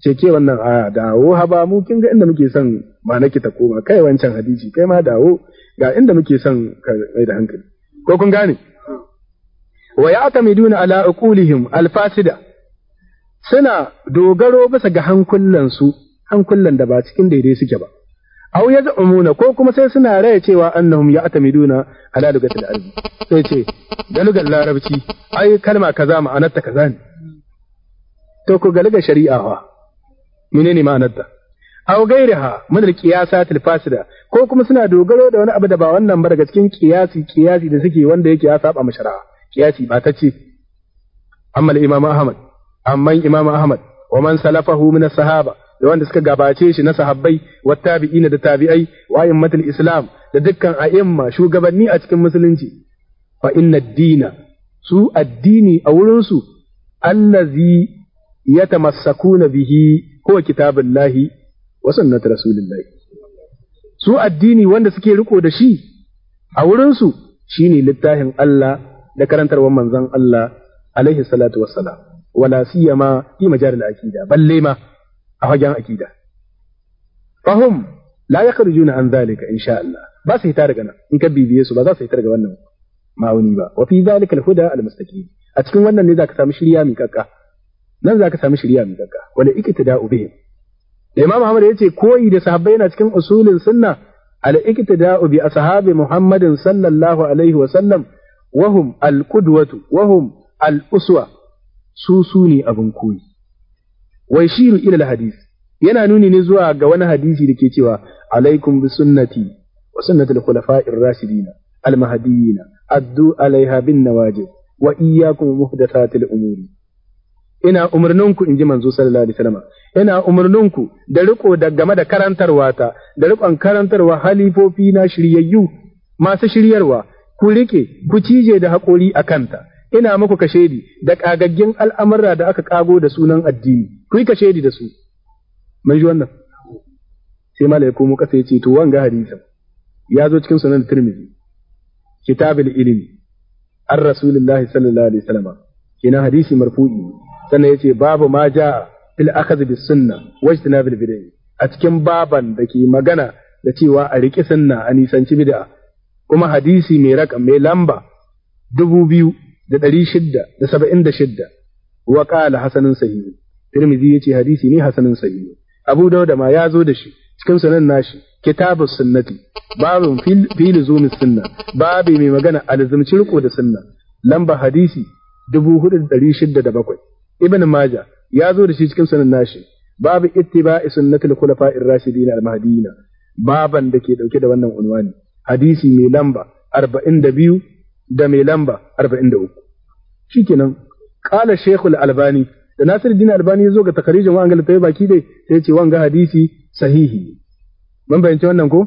ce ke wannan aya dawo haba mu kin ga inda muke son ma nake ta koma kai wancan hadisi kai ma dawo ga inda muke son ka mai da hankali ko kun gane wa ya'tamiduna ala uqulihim alfasida suna dogaro bisa ga hankulan su hankulan da ba cikin daidai suke ba aw umuna. ko kuma sai suna raya cewa annahum ya'tamiduna ala lugatil arabi sai ce da lugar larabci ai kalma kaza ma'anar ta kaza ne to ku ga lugar shari'a wa menene ma'anarta aw gairaha min al-qiyasat al-fasida ko kuma suna dogaro da wani abu da ba wannan ba daga cikin qiyasi qiyasi da suke wanda yake ya saba mashara'a qiyasi ba ta ce amma imam ahmad amma imam ahmad wa man salafahu min as-sahaba da wanda suka gabace shi na sahabbai wa tabi'in da tabi'ai wa a'immatul islam da dukkan a'imma shugabanni a cikin musulunci fa inna ad-dina su addini a wurin su allazi yatamassakuna bihi huwa kitabullahi wa sunnat rasulillahi su addini wanda suke riko da shi a wurinsu shi shine littafin Allah da karantarwar manzon Allah alaihi salatu wassalam wala siyama fi majalil aqida balle ma a fagen aqida fahum la yakhrujuna an zalika insha Allah ba su hita daga nan in ka bibiye su ba za su hita daga wannan ma'auni ba wa fi zalika al-huda al-mustaqim a cikin wannan ne zaka samu shirya miƙaƙƙa nan zaka sami shari'a mai gagga wala iktida'u bihim da imam Muhammad ya ce koyi da sahabbai yana cikin usulin sunna al iktida'u bi ashabi Muhammadin sallallahu alaihi wa sallam wahum al qudwatu wahum al uswa su su ne abin koyi wa yashiru ila al hadith yana nuni ne zuwa ga wani hadisi da ke cewa alaikum bi sunnati wa sunnati al khulafa'ir rashidina al mahdiyina addu alaiha bin nawajib wa iyyakum muhdathatil umuri ina umarninku in ji manzo sallallahu alaihi wasallam ina umarninku da riko da game da karantarwa ta da rikon karantarwa halifofi na shiryayyu masu shiryarwa ku rike ku cije da haƙori a kanta ina muku kashedi da ƙagaggen al'amurra da aka ƙago da sunan addini ku yi kashedi da su mun ji wannan sai malai komo ƙasa ya ce to wanga hadisi ya zo cikin sunan tirmidhi kitabul ilmi ar rasulullahi sallallahu alaihi wasallam kenan hadisi marfu'i sannan yace babu ma ja fil akhadh bis sunna wajtana bil bid'ah a cikin baban da ke magana da cewa a riƙi sunna a nisanci bid'a kuma hadisi mai rakam mai lamba dubu biyu da ɗari shidda da saba'in da shidda wa ƙala hasanin sahihi tirmidhi yace hadisi ne hasanin sahihi abu dauda ma ya zo da shi cikin sunan nashi kitabus sunnati babu fil zumis sunna babi mai magana alzumci riko da sunna lamba hadisi dubu hudu da ɗari shidda da bakwai ibn majah ya zo da shi cikin sunan nashi babu ittiba'i sunnatul khulafa'ir rashidin al-mahdiyina baban da ke dauke da wannan unwani hadisi mai lamba 42 da mai lamba 43 shikenan qala shaykhul albani da nasir din albani ya zo ga takarijin wa da tayi baki dai sai ce wanga hadisi sahihi mun bayyana wannan ko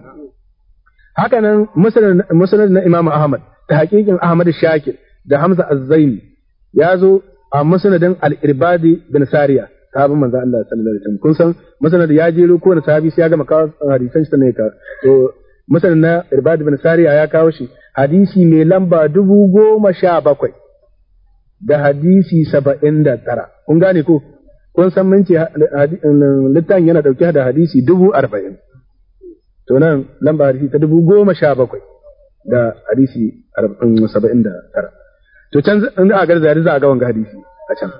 haka nan musnad na imam ahmad da hakikin ahmad shakir da hamza az-zaini ya zo a sanadin al-irbadi bin sariya sahabin manzo Allah sallallahu alaihi wasallam kun san masanadin ya jiro ko da sahabi sai ya gama kawo hadisan shi ne ka to masanadin Al irbadi bin sariya ya kawo shi hadisi mai lamba dubu goma sha bakwai da hadisi saba'in da tara kun gane ko kun san mun ce littafin yana dauke da hadisi dubu arba'in to nan lamba hadisi ta dubu goma sha bakwai da hadisi saba'in da tara to can in za a garzari za a ga wanga hadisi a can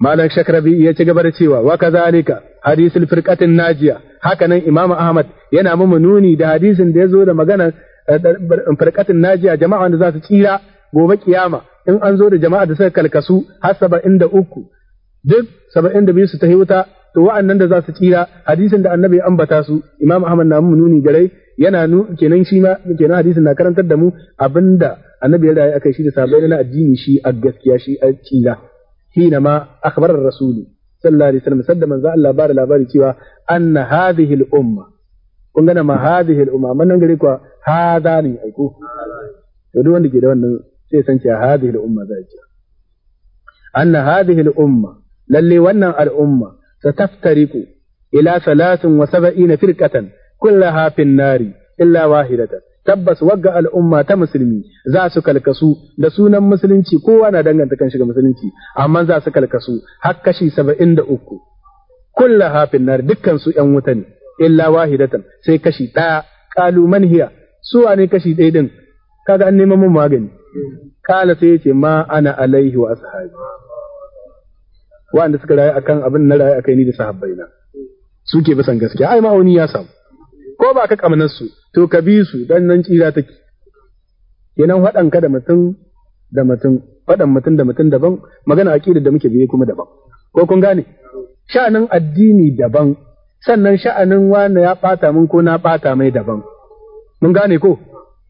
malam shakrabi ya ci gaba da cewa wa ka zalika hadisul firqatin najiya hakanan imamu ahmad yana mamu nuni da hadisin da ya zo da maganar eh, firqatin najiya jama'a wanda za su tsira gobe kiyama in an zo da jama'a da suka kalkasu har saba'in da uku duk saba'in da biyu su ta wuta to wa'annan da za su tsira hadisin da annabi ya ambata su imam ahmad na nuni gare, yana nu kenan shi ma kenan hadisin na karantar da mu abinda annabi ya rayu akai shi da sahabbai na addini shi a gaskiya shi a kila hina ma akhbar rasuli sallallahu alaihi wasallam sadda manzo Allah ba da labari cewa anna hadhihi al umma kun gana ma hadhihi al umma man gare ku hada ne aiko to duk wanda ke da wannan sai san cewa hadhihi al umma zai ce anna hadhihi al umma lalle wannan al umma sataftariku ila 73 firqatan kullaha fin nari illa wahidatan tabbas wagga al'umma ta musulmi za su kalkasu da sunan musulunci kowa na danganta kan shiga musulunci amma za su kalkasu har kashi saba'in da uku kulla hafin nar dukkan su 'yan wuta ne illa wahidatan sai kashi ɗaya kalu manhiya su wane kashi ɗaya din kaga an neman mun magani kala sai yace ma ana alaihi wa ashabi wa'anda suka rayu akan abin na rayu akai ni da sahabbaina suke bisan gaskiya ai ma'auni ya samu ko ba ka ƙamnar su to ka bi su don nan tsira take kenan faɗan ka da mutum da mutum faɗan mutum da mutum daban magana ƙirar da muke biye kuma daban ko kun gane sha'anin addini daban sannan sha'anin wani ya ɓata min ko na ɓata mai daban mun gane ko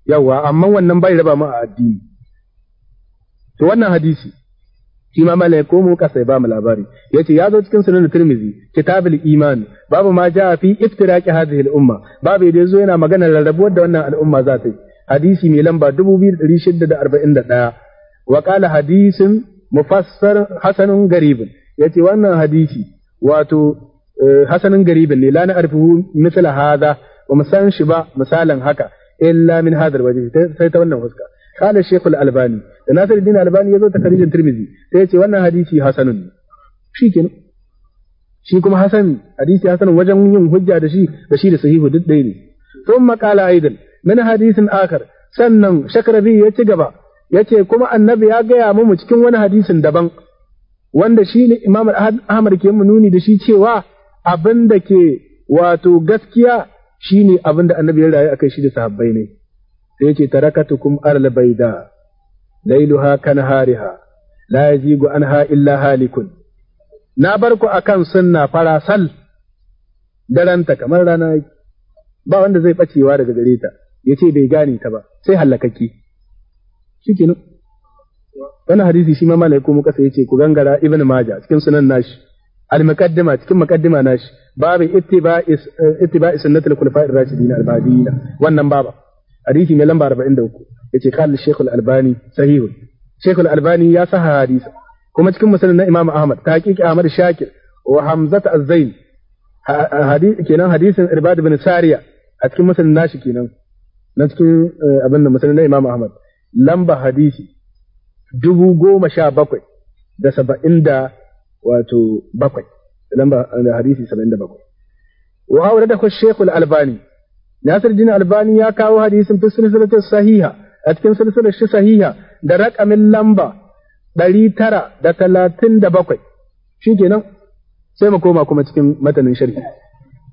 Yawwa, amma wannan bai raba mu a addini to wannan hadisi shi ma mala ya komo kasa ya ba mu labari yace ya zo cikin sunan tirmizi kitabul iman babu ma jaa fi iftiraqi hadhihi al umma babu da yazo yana maganar rarrabuwar da wannan al'umma za ta yi hadisi mai lamba 2641 wa qala hadisin mufassar hasanun garibin yace wannan hadisi wato eh, hasanun garibin ne la na arfihu misla hadha ba mu san shi ba misalan haka illa min hadar waje sai ta wannan fuska qala shaykhul albani da dina albani zo ta karijin turmizi sai ya ce wannan hadisi hasanun shikenan shi kuma hasan hadisi hasan wajen yin hujja da shi da shi da sahihu duk ɗaya ne thumma qala aidan min hadisin akar sannan shakrabi ya ci gaba yace kuma annabi ya gaya mu cikin wani hadisin daban wanda shi ne ahmad ke mu nuni da shi cewa abin da ke wato gaskiya shine abin da annabi ya rayu akai shi da sahabbai ne sai ce tarakatukum arla baida lailuha hariha la yazigu anha illa halikun na bar ku akan sunna farasal daranta kamar rana ba wanda zai bacewa daga gare ta yace bai gane ta ba sai halakaki shikenan wani hadisi shi ma malaiku muka sai yace ku gangara ibn maja cikin sunan nashi al-muqaddima cikin muqaddima nashi babu ittiba'i ittiba sunnatul khulafa'ir rashidin al-mahdiyina wannan baba hadisi mai lamba 43 yace qala shaykh al-albani sahihun shaykh al-albani ya saha hadisi kuma cikin musnad na imam ahmad ta haqiqi ahmad shakir wa hamzat az-zain hadisi kenan hadisin irbad bin sariya a cikin musnad nashi kenan na cikin eh, abin da musnad na imam ahmad lamba hadisi dubu goma sha bakwai da saba'in da wato bakwai lamba eh, hadisi saba'in da bakwai wa aure da shekul albani Nasir Jin Albani ya kawo hadisin fi silsilatin sahiha a cikin silsilar shi sahiha da rakamin lamba ɗari tara da talatin da bakwai. Shi kenan sai mu koma kuma cikin matanin shirki.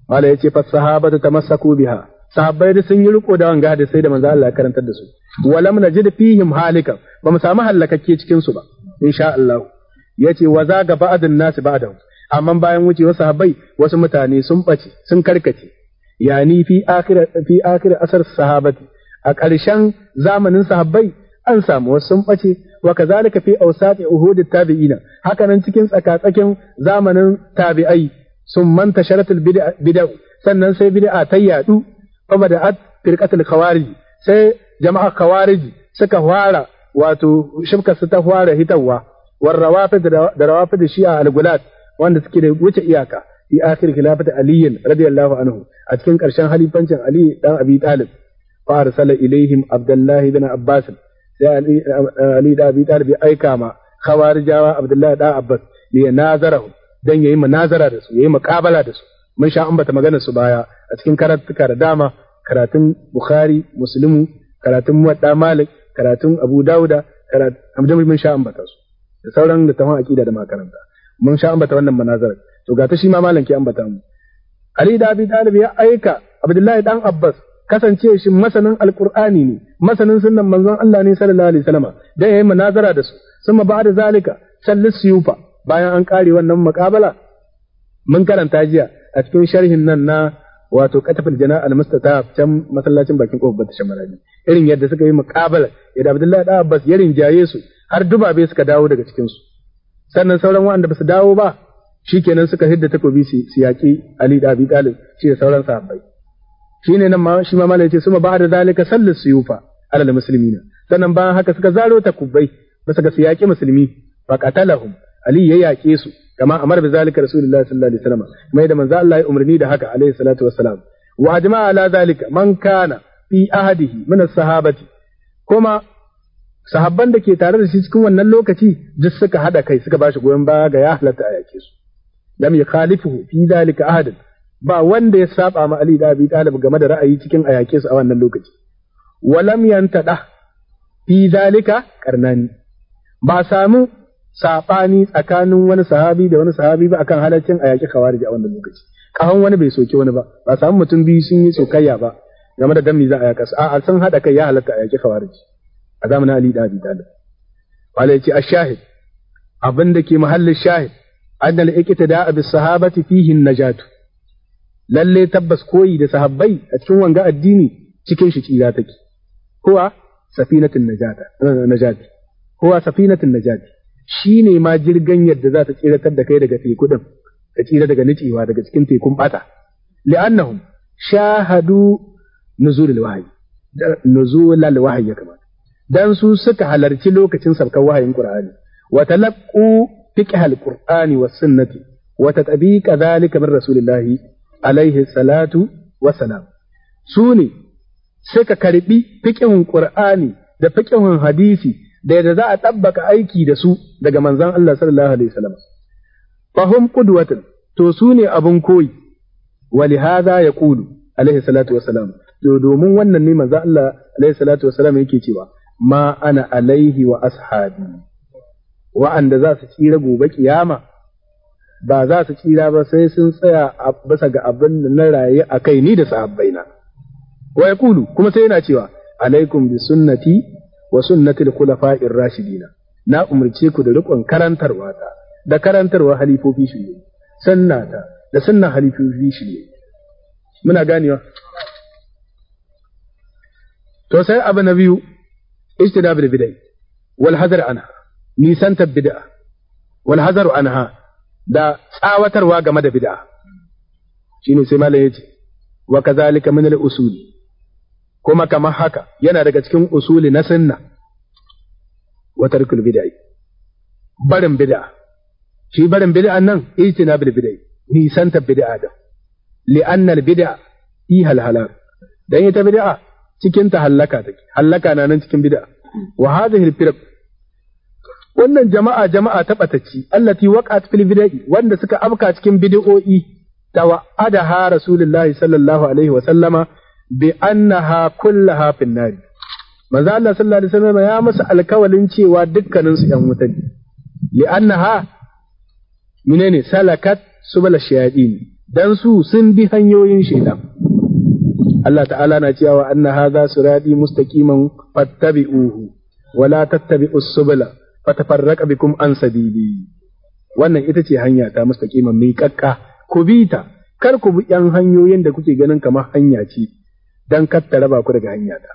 Mala ya ce fa sahabatu tamassaku biha. Sahabbai da sun yi riko da wanga sai da manzo Allah ya karantar da su. Walam najid fihim halikan ba mu samu hallakakke cikin su ba insha Allah. ce wa zaga ba'dun nasi ba'dahu. amma bayan wucewa sahabbai wasu mutane sun ɓace sun karkace yani fi akhir fi akhir asar sahabati a ƙarshen zamanin sahabbai an samu wasu sun bace wa kazalika fi awsati uhud tabi'ina haka nan cikin tsakatsakin zamanin tabi'ai sun manta sharatul bid'a sannan sai bid'a ta yadu fa bada'at firqatul khawarij sai jama'a khawarij suka fara wato shibka su ta fara hitawa war rawafid da rawafid shi'a al-gulat wanda suke da wuce iyaka fi akhir khilafati ali radiyallahu anhu a cikin karshen halifancin ali dan abi talib fa arsala ilaihim abdullahi bin abbas sai ali ali da abi talib ya aika ma khawarijawa abdullahi dan abbas ne nazarahu dan yayi munazara da su yayi muqabala da su mun sha ambata maganar su baya a cikin karatuka da dama karatun bukhari muslimu karatun muwadda malik karatun abu dauda karatun mun sha ambata su da sauran littafin tawon aqida da makaranta mun sha ambata wannan munazarar to ga ta shi ma malam ki ambata mu Ali da Abi Talib ya aika Abdullahi dan Abbas kasance shi masanin alqur'ani ne masanin sunnan manzon Allah ne sallallahu alaihi wasallama dan yayi munazara da su ba ba'da zalika sallis yufa bayan an kare wannan muqabala mun karanta jiya a cikin sharhin nan na wato katafin jana mustataf can masallacin bakin kofar ta shamarani irin yadda suka yi muqabala yadda Abdullahi dan Abbas ya rinjaye su har dubabe suka dawo daga cikin su sannan sauran wanda ba su dawo ba Shi kenan suka hidda takobi su yaƙi Ali da Abi Talib shi da sauran sahabbai ne nan ma shi ma malai ce suma da zalika sallu suyufa alal muslimina sannan bayan haka suka zaro takubai ba ga su yaƙi musulmi ba qatalahum Ali ya yaƙe su kama amar bi zalika rasulullahi sallallahu alaihi wasallam mai da manzo Allah ya umarni da haka alaihi salatu wassalam wa ajma'a ala zalika man kana fi ahadihi min as-sahabati kuma sahabban da ke tare da shi cikin wannan lokaci duk suka hada kai suka bashi goyon baya ga ya halatta a su lam yukhalifuhu fi dhalika ahad ba wanda ya saba ma Ali da Abi Talib game da ra'ayi cikin ayake su a wannan lokaci lam yantada fi dhalika karnani ba samu sabani tsakanin wani sahabi da wani sahabi ba akan halaccin ayake khawarij a wannan lokaci kahon wani bai soki wani ba ba samu mutum biyu sun yi sokayya ba game da dami za a yaka su a'a sun hada kai ya halatta ayake yaki khawarij a zamanin Ali da Abi Talib wala yace ash-shahid abin da ke mahallin shahid annal da bis sahabati fihi najat lalle tabbas koyi da sahabbai a cikin wanga addini cikin shi tsira take huwa safinatun najata najat shine ma jirgan yadda za ta tsiratar da kai daga teku din ka tsira daga nicewa daga cikin tekun bata li'annahum shahadu nuzulul wahyi nuzulul wahyi ya kamata dan su suka halarci lokacin sabkan wahayin Ƙur'ani wa فقه القرآن والسنة وتطبيق ذلك من رسول الله عليه الصلاة والسلام سوني سكا كربي فقه القرآن da fiqhun hadisi da yadda za a tabbaka aiki da su daga manzon Allah sallallahu alaihi wasallam fahum qudwatan to su ne abun koyi ولهذا يقول عليه الصلاة والسلام domin wannan ne manzo Allah alaihi salatu wasalam yake cewa ma ana alaihi wa ashabi wa'anda za su tsira gobe kiyama ba za su tsira ba sai sun tsaya a bisa ga abin da na raye a kai ni da na. wa ya Kulu kuma sai yana cewa alaikum bi sunnati wa sunnati al-khulafa'ir rashidina na umarce ku da rikon karantarwa ta da karantarwa halifofi shi ne da halifofi shi ne muna ganewa to sai abu na biyu ijtinabu da bidai wal hadar anha nisantar bid'a wal hazaru anha da tsawatarwa game da bid'a shine sai malam yace wa kazalika min al usuli kuma kamar haka yana daga cikin usuli na sunna wa tarkul bid'a barin bid'a shi barin bid'an nan bil bid'a nisantar bid'a da anna al bid'a hal halal dan ita bid'a cikin ta hallaka take hallaka na nan cikin bid'a wa hadhihi al firq wannan jama'a jama'a ta ɓatacci allati waqat fil bid'i wanda suka afka cikin bid'o'i tawa'ada ha rasulullahi sallallahu alaihi wa sallama bi annaha kullaha fin nari manzo Allah sallallahu alaihi wa ya masa alkawalin cewa dukkanin su ƴan wuta ne li'annaha menene salakat subala shayatin dan su sun bi hanyoyin shaitan Allah ta'ala na cewa anna hadha sirati mustaqiman fattabi'uhu wala tattabi'us subula fatafarraqa bikum an sabili wannan ita ce hanya ta mustaqiman mai kakka ku bi ta kar ku bi yan hanyoyin da kuke ganin kamar hanya ce dan kar ta raba ku daga hanya ta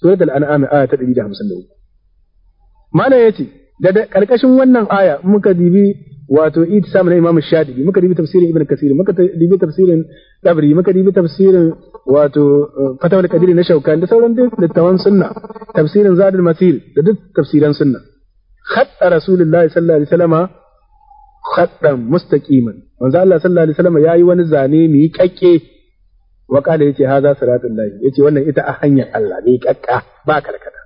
suratul an'am aya ta 153 mana yace da karkashin wannan aya muka dibi wato itisam na Imam Shadi, muka dibi tafsirin Ibn Kathir muka dibi tafsirin Dabri, muka dibi tafsirin wato eh, Fatawul Kadiri na Shawkani da sauran duk littawan sunna tafsirin Zadul Masir da duk tafsiran sunna khatta Rasulullahi sallallahu alaihi wasallama khattan mustaqiman manzo Allah sallallahu alaihi wasallama yayi wani zane mai kakke wa kala yace haza siratul lahi yace wannan ita a hanyar Allah ne kakka ba karkata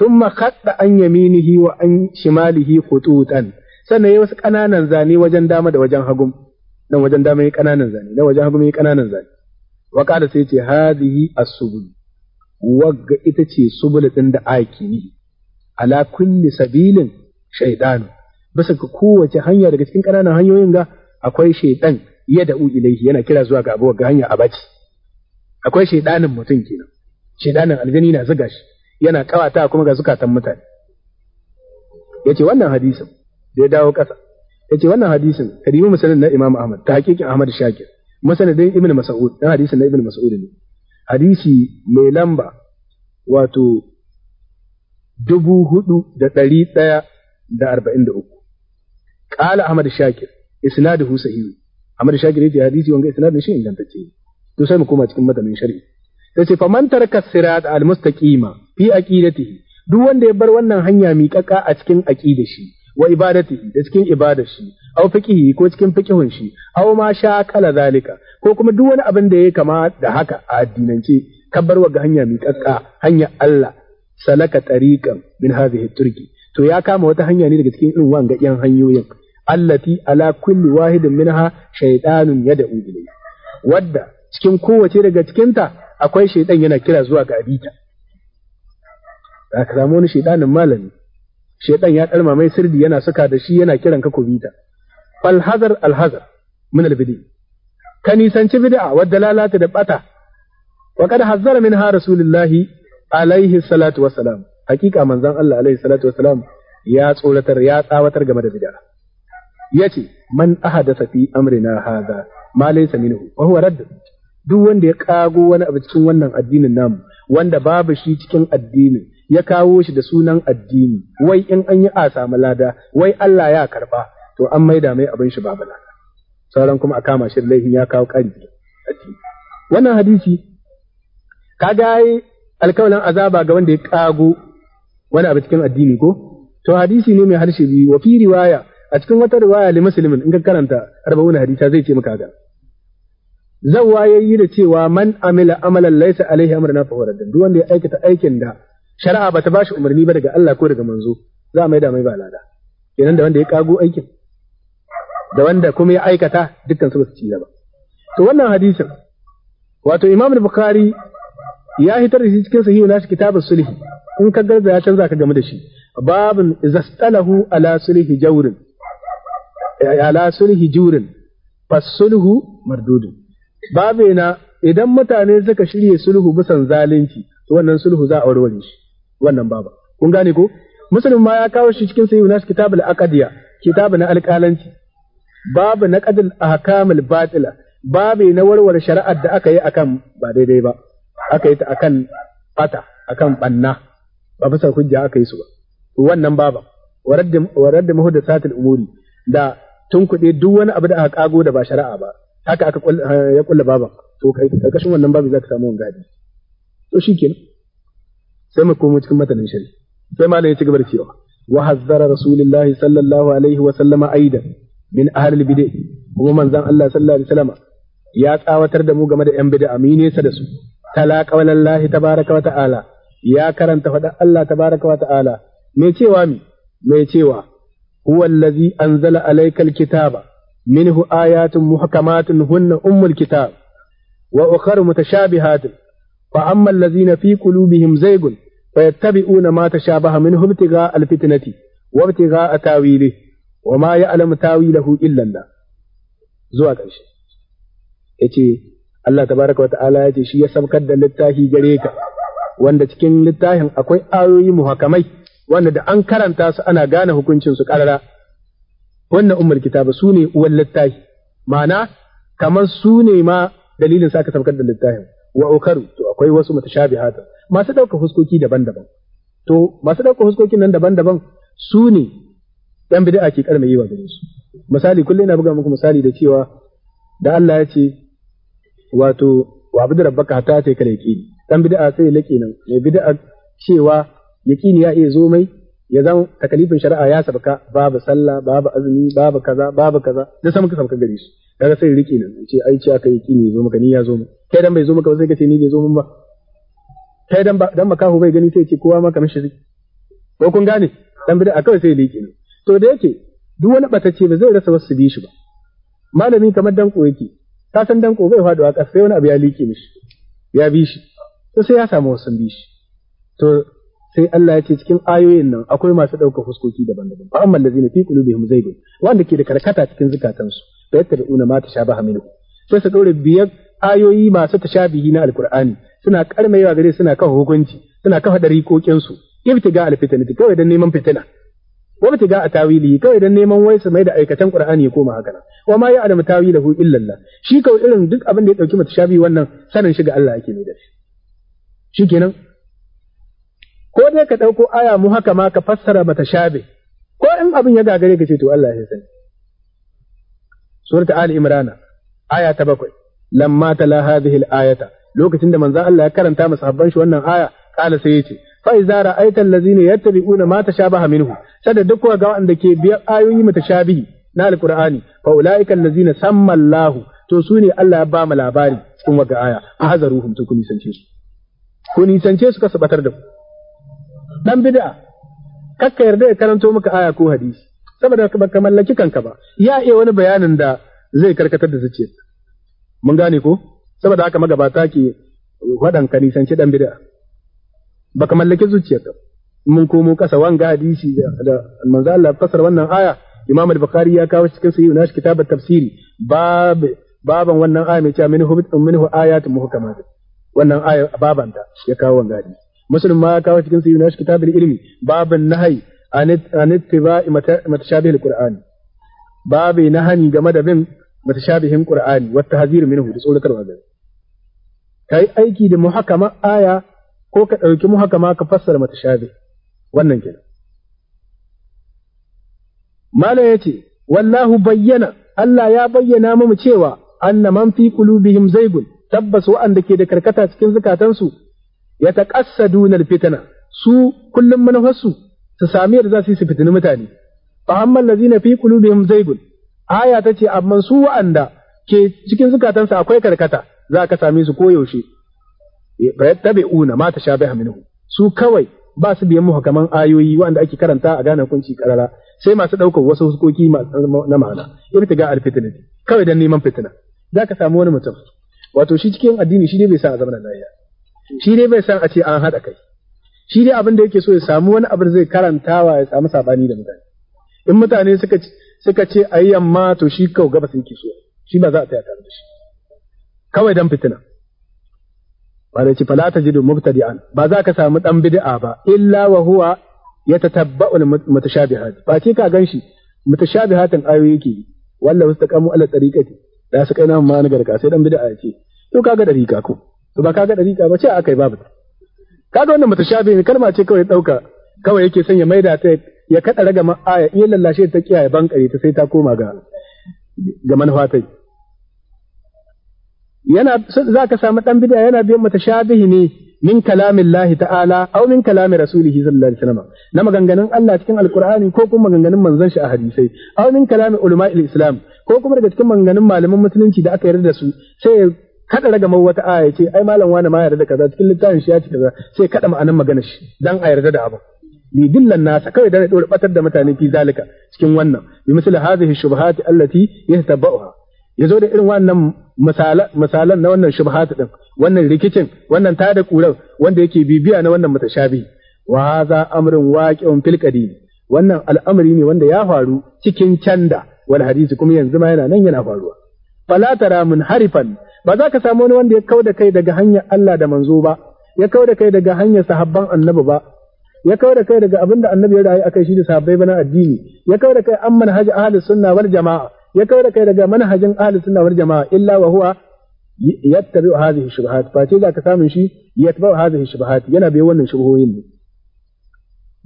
thumma khatta an yaminihi wa an shimalihi khututan sannan yi wasu ƙananan zane wajen dama da wajen hagu nan wajen dama ya ƙananan zane nan wajen hagu ya ƙananan zane wa ƙada sai ce hadihi as-subul wagga ita ce subul din da ake ni ala kulli sabilin shaytan bisa ga kowace hanya daga cikin ƙananan hanyoyin ga akwai shaytan ya da'u ilaihi yana kira zuwa ga abuwa ga hanya abaci akwai shaytanin mutum kenan shaytanin aljani na zuga shi yana kawata kuma ga zukatan mutane yace wannan hadisin da ya dawo ƙasa ce wannan hadisin kadibi masanin na Imam Ahmad ta haƙiƙin Ahmad Shakir musanadin Ibn Mas'ud ɗan hadisin na Ibn Mas'ud ne hadisi mai lamba wato dubu hudu da ɗari ɗaya da arba'in da uku ƙala Ahmad Shakir isnaduhu sahihu Ahmad Shakir ce hadisi wanga isnadin shi ingantacce to sai mu koma cikin madanin shari'i ce faman taraka sirat al-mustaqima fi aqidatihi duk wanda ya bar wannan hanya miƙaƙa a cikin aqidar shi wa ibadatihi da cikin ibadar shi aw fiqihi ko cikin fiqihun shi aw ma sha kala zalika ko kuma duk wani abin da ya kama da haka a addinance ka wa ga hanya miƙaƙƙa hanya Allah salaka tariqan min hadhihi turki to ya kama wata hanya ne daga cikin irin wanga yan hanyoyin allati ala kulli wahidin minha shaytanun yad'u ilayhi wadda cikin kowace daga cikinta akwai shaidan yana kira zuwa ga abita. Da ka samu wani malami shedan ya dalma mai sirdi yana saka da shi yana kiran ka kubita fal hazar al hazar min al bid'i ka nisanci bid'a wa dalalata da bata wa kad hazzara minha rasulullahi alaihi salatu wassalam hakika manzon Allah alaihi salatu wassalam ya tsoratar ya tsawatar game da bid'a yace man ahadatha fi amrina hadha ma laysa minhu wa huwa radd duk wanda ya kago wani abu cikin wannan addinin namu wanda babu shi cikin addinin ya kawo shi da sunan addini wai in an yi a samu lada wai Allah ya karba to an maida mai abin shi babu lada sauran kuma a kama shi laifin ya kawo kari addini wannan hadisi ka yi alkawalin azaba ga wanda ya kago wani abu cikin addini ko to hadisi ne mai harshe biyu wa fi riwaya a cikin wata riwaya li muslimin in ka karanta arba'una hadisa zai ce maka ga zawwa yayi da cewa man amila amalan laysa alaihi amruna fa huwa duk wanda ya aikata aikin da shari'a ba ta bashi umarni ba daga Allah ko daga manzo za a maida mai ba lada kenan da wanda ya kago aikin da wanda kuma ya aikata dukkan su ba su ci ba to wannan hadisin wato Imam Bukhari ya hitar da shi cikin sahihu nashi kitabus sulh in ka garza ya canza ka game da shi babun izastalahu ala sulhi jawrin eh, ala sulhi jurin fasulhu mardudun babu idan mutane suka shirye sulhu bisan zalunci to wannan sulhu za a warware shi wannan baba kun gane ko muslim ma ya kawo shi cikin sayyidina kitab al-aqdiya kitab na alƙalanci babu na qadil ahkam al-batila babu na warware shari'ar da aka yi akan ba daidai ba aka yi ta akan fata akan banna ba bisa hujja aka yi su ba wannan baba warar da muhaddasatul umuri da tun kuɗe duk wani abu da aka kago da ba shari'a ba haka aka ya kulla baba to kai karkashin wannan babu za ka samu wani gadi to shikenan sai mu komo cikin matanin shari sai malam ya ci gaba da cewa wa hazzara rasulullahi sallallahu alaihi wa sallama aidan min ahlil bid'a kuma manzon Allah sallallahu alaihi wasallam ya tsawatar da mu game da yan bid'a mu nesa da su tala qawlallahi tabaraka wa ta'ala ya karanta faɗa Allah tabaraka wa ta'ala me cewa mi me cewa huwa allazi anzala alaykal kitaba minhu ayatun muhkamatun hunna ummul kitab wa ukhra mutashabihatun fa amma allazina fi qulubihim zaygun fayattabi'una ma tashabaha minhu ibtigha alfitnati wa ibtigha tawilihi wa ma ya'lamu tawilahu illa Allah zuwa ƙarshe yace Allah tabaraka wata'ala yace shi ya sabkar da littafi gare ka wanda cikin littafin akwai ayoyi muhakamai wanda da an karanta su ana gane hukuncin su karara wannan ummul kitaba su ne uwan littafi ma'ana kamar su ne ma dalilin sa ka da littafin wa ukaru to akwai wasu mutashabihatan masu ɗauka fuskoki daban-daban to masu ɗauka fuskokin nan daban-daban su ne ɗan bid'a ke karma yi wa gare su misali kullum ina buga muku misali da cewa da Allah ya ce wato wa abu da rabbaka hatta ta kare yaqini dan bid'a sai ya lake nan mai bid'a cewa yaqini ya iya zo mai ya zan takalifin shari'a ya sabka babu sallah babu azumi babu kaza babu kaza da sai muka sabka gare shi kaga sai rike nan ce ai ce aka yi kini zo maka ni ya zo kai dan bai zo maka ba sai ka ce ni bai zo mun ba kai dan dan makahu bai gani sai ce kowa maka mishi rike ko kun gane dan bid'a kawai sai rike nan to da yake duk wani batacce ba zai rasa wasu bi shi ba malami kamar danko yake ka san danko bai a ƙasa sai wani abu ya liƙe mishi ya bi shi to sai ya samu wasu bi shi to sai Allah ya ce cikin ayoyin nan akwai masu ɗaukar fuskoki daban-daban fa amma allazina fi qulubihim zaidun wanda ke da karkata cikin zukatansu fa yattabi'una ma tashabaha minhu sai su ɗaure biyar ayoyi masu tashabihi na alkur'ani suna yawa gare suna kafa hukunci suna kafa dariƙoƙin su ibtiga alfitanati kawai dan neman fitina wa ibtiga atawili kawai dan neman wai mai da aikatan ƙur'ani ya koma haka wa ma ya'lamu tawilahu illa Allah shi kawai irin duk abin da ya dauki mutashabi wannan sanin shi ga Allah yake mai da shi shikenan ko dai ka ɗauko aya mu haka ma ka fassara mata shabe ko in abin ya gagare ka ce to Allah ya sani surata ali imrana aya ta bakwai lamma tala hadhihi ayata lokacin da manzo Allah ya karanta masahabban shi wannan aya kala sai yace fa iza ra'aita allazina yattabi'una ma tashabaha minhu sada duk ga wanda ke biya ayoyi mata shabi na alqur'ani fa ulaika allazina samma Allah to su ne Allah ya ba mu labari cikin waga aya a hazaruhum tukuni ku nisance su ku nisance su ka sabatar da ku dan bid'a kakka yarda ya karanto maka aya ko hadisi saboda baka mallaki kanka ba ya iya wani bayanin da zai karkatar da zuciya mun gane ko saboda haka magabata ke wadan ka nisanci dan bid'a baka mallaki zuciyarka mun komo kasa wanga hadisi da manzo Allah fasar wannan aya Imam al-Bukhari ya kawo cikin sahih nashi kitab at-tafsiri bab baban wannan aya mai cewa minhu minhu ayatun muhkamat wannan aya babanta ya kawo wanga hadisi muslim ma ya kawo cikin sayyid nashi kitabul ilmi babun nahyi an ittiba'i mutashabihil qur'ani babu nahani game da bin mutashabihin qur'ani wa tahzir minhu da tsorakarwa gare kai aiki da muhakama aya ko ka dauki muhakama ka fassara mutashabih wannan kenan mala yace wallahu bayyana Allah ya bayyana mu cewa anna man fi qulubihim zaygun tabbas wa'anda ke da karkata cikin zukatansu ya dunar fitina, su kullum manufarsu su sami yadda za su yi su fitini mutane fa amman lazina fi zai zaygun aya ta ce amma su wa'anda ke cikin zukatansa akwai karkata za ka same su koyaushe mata ma bai minhu su kawai ba su biyan mu hakaman ayoyi wanda ake karanta a gane kunci karara sai masu ɗaukar wasu hukoki na ma'ana ta ga alfitinin. kawai don neman fitina za ka sami wani mutum wato shi cikin addini shi ne bai sa a zama zaman lafiya shi dai bai san a ce an haɗa kai shi dai abin da yake so ya samu wani abin zai karantawa ya samu sabani da mutane in mutane suka suka ce ayi yamma to shi kau gabas yake so shi ba za a taya tare da shi kawai dan fitina ba da ci fala ta tajidu mubtadi'an ba za ka samu dan bid'a ba illa wa huwa yatatabba'u al-mutashabihat ba ce ka ganshi mutashabihatin ayoyi yake wallahi wastaqamu ala tariqati da su kaina ma na garka sai dan bid'a ya ce to kaga dariqa ko to ba kaga dariƙa ba ce akai babu kaga wannan mutashabi ne kalma ce kawai dauka kawai yake son ya maida ta ya kada raga ma aya iya lallashe ta kiyaye bankare ta sai ta koma ga ga manufatai yana za ka samu dan bid'a yana biyan mutashabihi ne min kalamin Allah ta'ala aw min kalamin rasulih sallallahu alaihi wasallam na maganganun Allah cikin alqur'ani ko kuma maganganun manzon shi a hadisai aw min kalamin ulama'il islam ko kuma daga cikin maganganun malaman musulunci da aka yarda da su sai kada raga mai wata aya ce ai malam wani ma yarda da kaza cikin littafin shi ya ce kaza sai kada ma'anan magana shi dan a yarda da abin li dillan nasa kawai dan dore batar da mutane fi zalika cikin wannan bi misali hadhihi shubahati allati yahtabuha yazo da irin wannan misalan na wannan shubahati din wannan rikicin wannan tada kurar wanda yake bibiya na wannan mutashabi wa za amrun waqi'un fil qadim wannan al'amari ne wanda ya faru cikin canda wal hadisi kuma yanzu ma yana nan yana faruwa fala tara mun harifan ba za ka samu wani wanda ya kauda kai daga hanyar Allah da manzo ba ya kauda kai daga hanyar sahabban annabi ba ya kauda kai daga abinda annabi ya rayu akai shi da sahabbai bana addini ya kauda kai an manhaji ahlus sunna wal jamaa ya kauda kai daga manhajin ahlus sunna wal jamaa illa wa huwa yattabi'u hadhihi shubuhat Ba ce za ka samu shi yattabi'u hadhihi shubuhat yana bai wannan shubuhoyin ne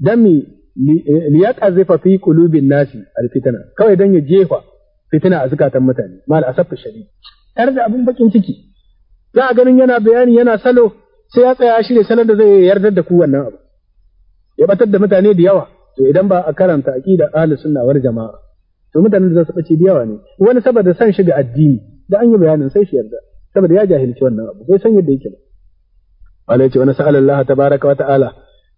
dan mi liyaqazifa fi qulubin nasi alfitana kawai dan ya jefa fitina a zukatan mutane mal asafa shari yar da abin bakin ciki za a ganin yana bayani yana salo sai ya tsaya ne sanar da zai yardar da ku wannan abu ya batar da mutane da yawa to idan ba a karanta aqida ahli sunna wal jamaa to mutanen da za su bace da yawa ne wani saboda san shiga addini da an yi bayanin sai shi yarda saboda ya jahilci wannan abu bai san yadda yake ba Allah ya ce wani sa'ala Allah tabaaraka wa ta'ala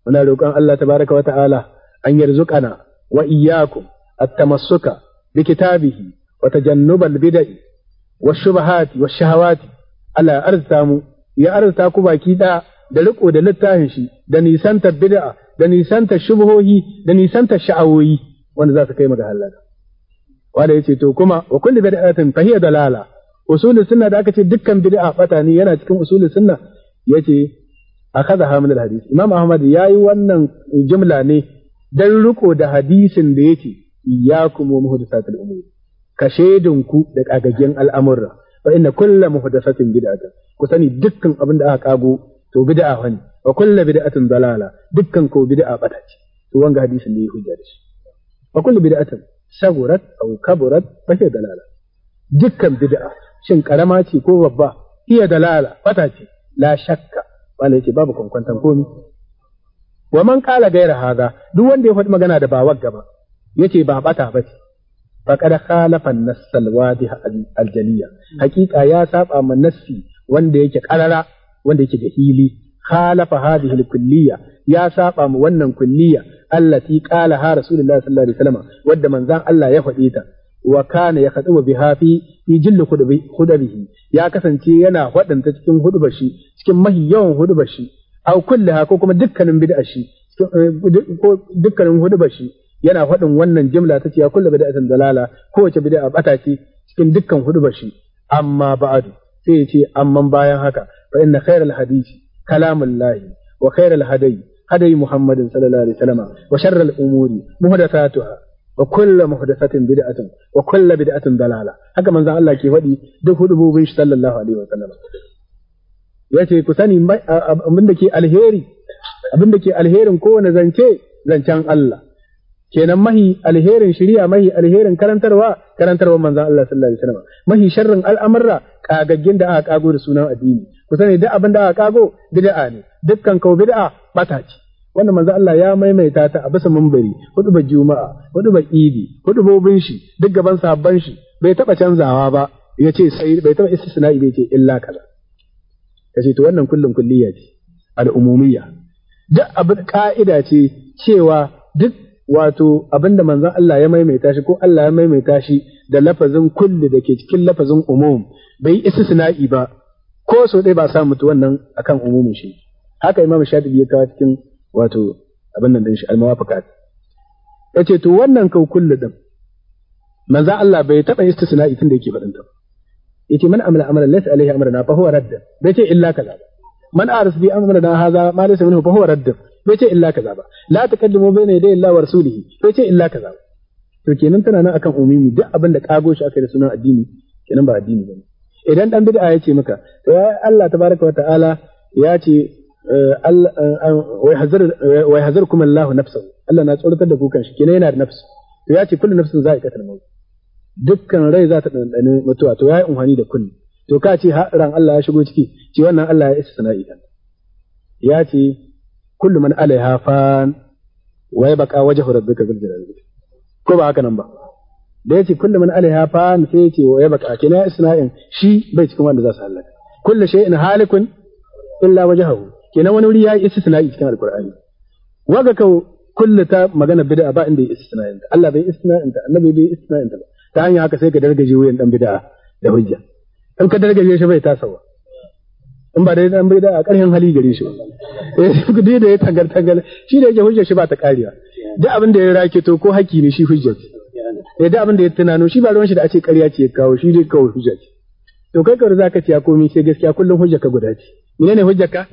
muna roƙon Allah tabaaraka wa ta'ala an yarzuqana wa iyyakum at-tamassuka bi kitabihi وتجنب البدع والشبهات والشهوات على أرزتامو يا أرزتاكو باكيدا da riko da littafin shi da ta bid'a da ta shubhohi da ta sha'awoyi wanda za su kai mu ga halaka wanda yace to kuma wa kullu bid'atin fa hiya dalala usulul sunna da aka ce dukkan bid'a fata ne yana cikin usulul sunna yace akaza hamil al hadith imam ahmad yayi wannan jumla ne dan riko da hadisin da yake iyyakum wa muhdathatil umur ka shaidinku da kagaggen al'amurra fa inna kulla muhdathatin bid'atun ku sani dukkan abin da aka kago to bid'a wani, wa kullu bid'atin dalala dukkan ko bid'a bata ce to wanga hadisin ya hujja da shi wa kullu bid'atin shagurat au kaburat fa hiya dalala dukkan bid'a shin karama ce ko babba iya dalala batace ce la shakka wanda yake babu kwankwantan komi wa man kala gaira haza duk wanda ya faɗi magana da ba wagga ba yake ba bata ba ce faqad khalafa an-nass al-wadih ya saba man nassi wanda yake karara wanda yake da hili khalafa hadhihi al-kulliya ya saba mu wannan kulliya allati qala ha rasulullahi sallallahu alaihi wasallam wanda manzan Allah ya faɗi ta Wakana kana ya khatubu biha fi fi jillu khudabihi ya kasance yana faɗanta cikin hudubar shi cikin mahi yawan hudubar shi ko kuma dukkanin eh, ko dukkanin yana faɗin wannan jimla ta ce ya kullu bid'atin dalala kowace bid'a bata ce cikin dukkan hudubar shi amma ba'adu sai ya ce amma bayan haka fa inna khairal hadisi kalamullahi wa khairal hadayi hadayi muhammadin sallallahu alaihi wasallam wa sharral umuri muhdathatuha wa kullu muhdathatin bid'atun wa kullu bid'atin dalala haka manzon Allah ke faɗi duk hudubobin shi sallallahu alaihi wasallam yace ku sani abinda ke alheri abinda ke alherin kowane zance zancen Allah kenan mahi alherin shari'a mahi alherin karantarwa karantarwa manzon Allah sallallahu alaihi wasallam mahi sharrin al'amarra kagaggen da aka kago da sunan addini ku sani duk abin da aka kago bid'a ne dukkan kawo bid'a bata ce Wannan manzo Allah ya maimaita ta a bisa mambari ba juma'a ba idi hudubobin shi duk gaban sabban shi bai taba canzawa ba ya ce sai bai taba istisna'i bai ce illa kaza kace to wannan kullum kulliya ce al'umumiyya duk abin ka'ida ce cewa duk wato abinda manzon Allah ya maimaita shi ko Allah ya maimaita shi da lafazin kulli da ke cikin lafazin umum bai istisna'i ba ko so dai ba sa mutu wannan akan umumin shi haka imam shafi'i ya kawo cikin wato abin nan din shi al-muwafaqat yace to wannan kau kulli din manzon Allah bai taba istisna'i tun da yake faɗin ta yace man amala amalan laysa alaihi amruna fa huwa radda bai ce illa kaza man aras bi amrina hadha ma laysa minhu fa huwa radd bai ce illa kaza ba la taqaddimu bayna yaday Allah wa rasulihi bai ce illa kaza ba to tana nan akan umumi duk abin da kago shi aka da sunan addini kenan ba addini idan dan bid'a ya ce maka Allah tabaraka wa ta'ala ya ce wai hazar kuma Allah eh, nafsahu Allah na tsoratar da kukan shi kenan yana da nafsu to ya ce kullu nafsin za'iqatul maut dukkan rai za ta mutuwa to yayi umhani da kullu to ka ce ran Allah ya shigo ciki ce wannan Allah ya isa sana'i ya ce kullu man alaiha fan wa yabqa wajhu rabbika zul jalali ko ba haka nan ba da yace kullu man alaiha fan sai yace wa yabqa kina isna'in shi bai cikin wanda za su halaka kullu shay'in halikun illa hahu. kenan wani wuri ya isa sana'i cikin alqur'ani waga ka kullu ta magana bid'a ba inda istisna'in Allah bai istisna'in ta annabi bai istisna'in ta ba ta hanyar haka sai ka dargaje wuyan dan bid'a da hujja in ka dargaje shi bai tasa ba in ba dai dan bai da a ƙarshen hali gare shi eh duk da ya tangal tangal shi da yake hujjar shi ba ta kariya duk abin da ya rake to ko haki ne shi hujjar eh duk abin da ya tunano shi ba ruwan shi da a ce ƙarya ce ya kawo shi dai kawai hujjar to kai kawai zaka ce ya komi sai gaskiya kullum hujjar ka guda ce menene hujjar ka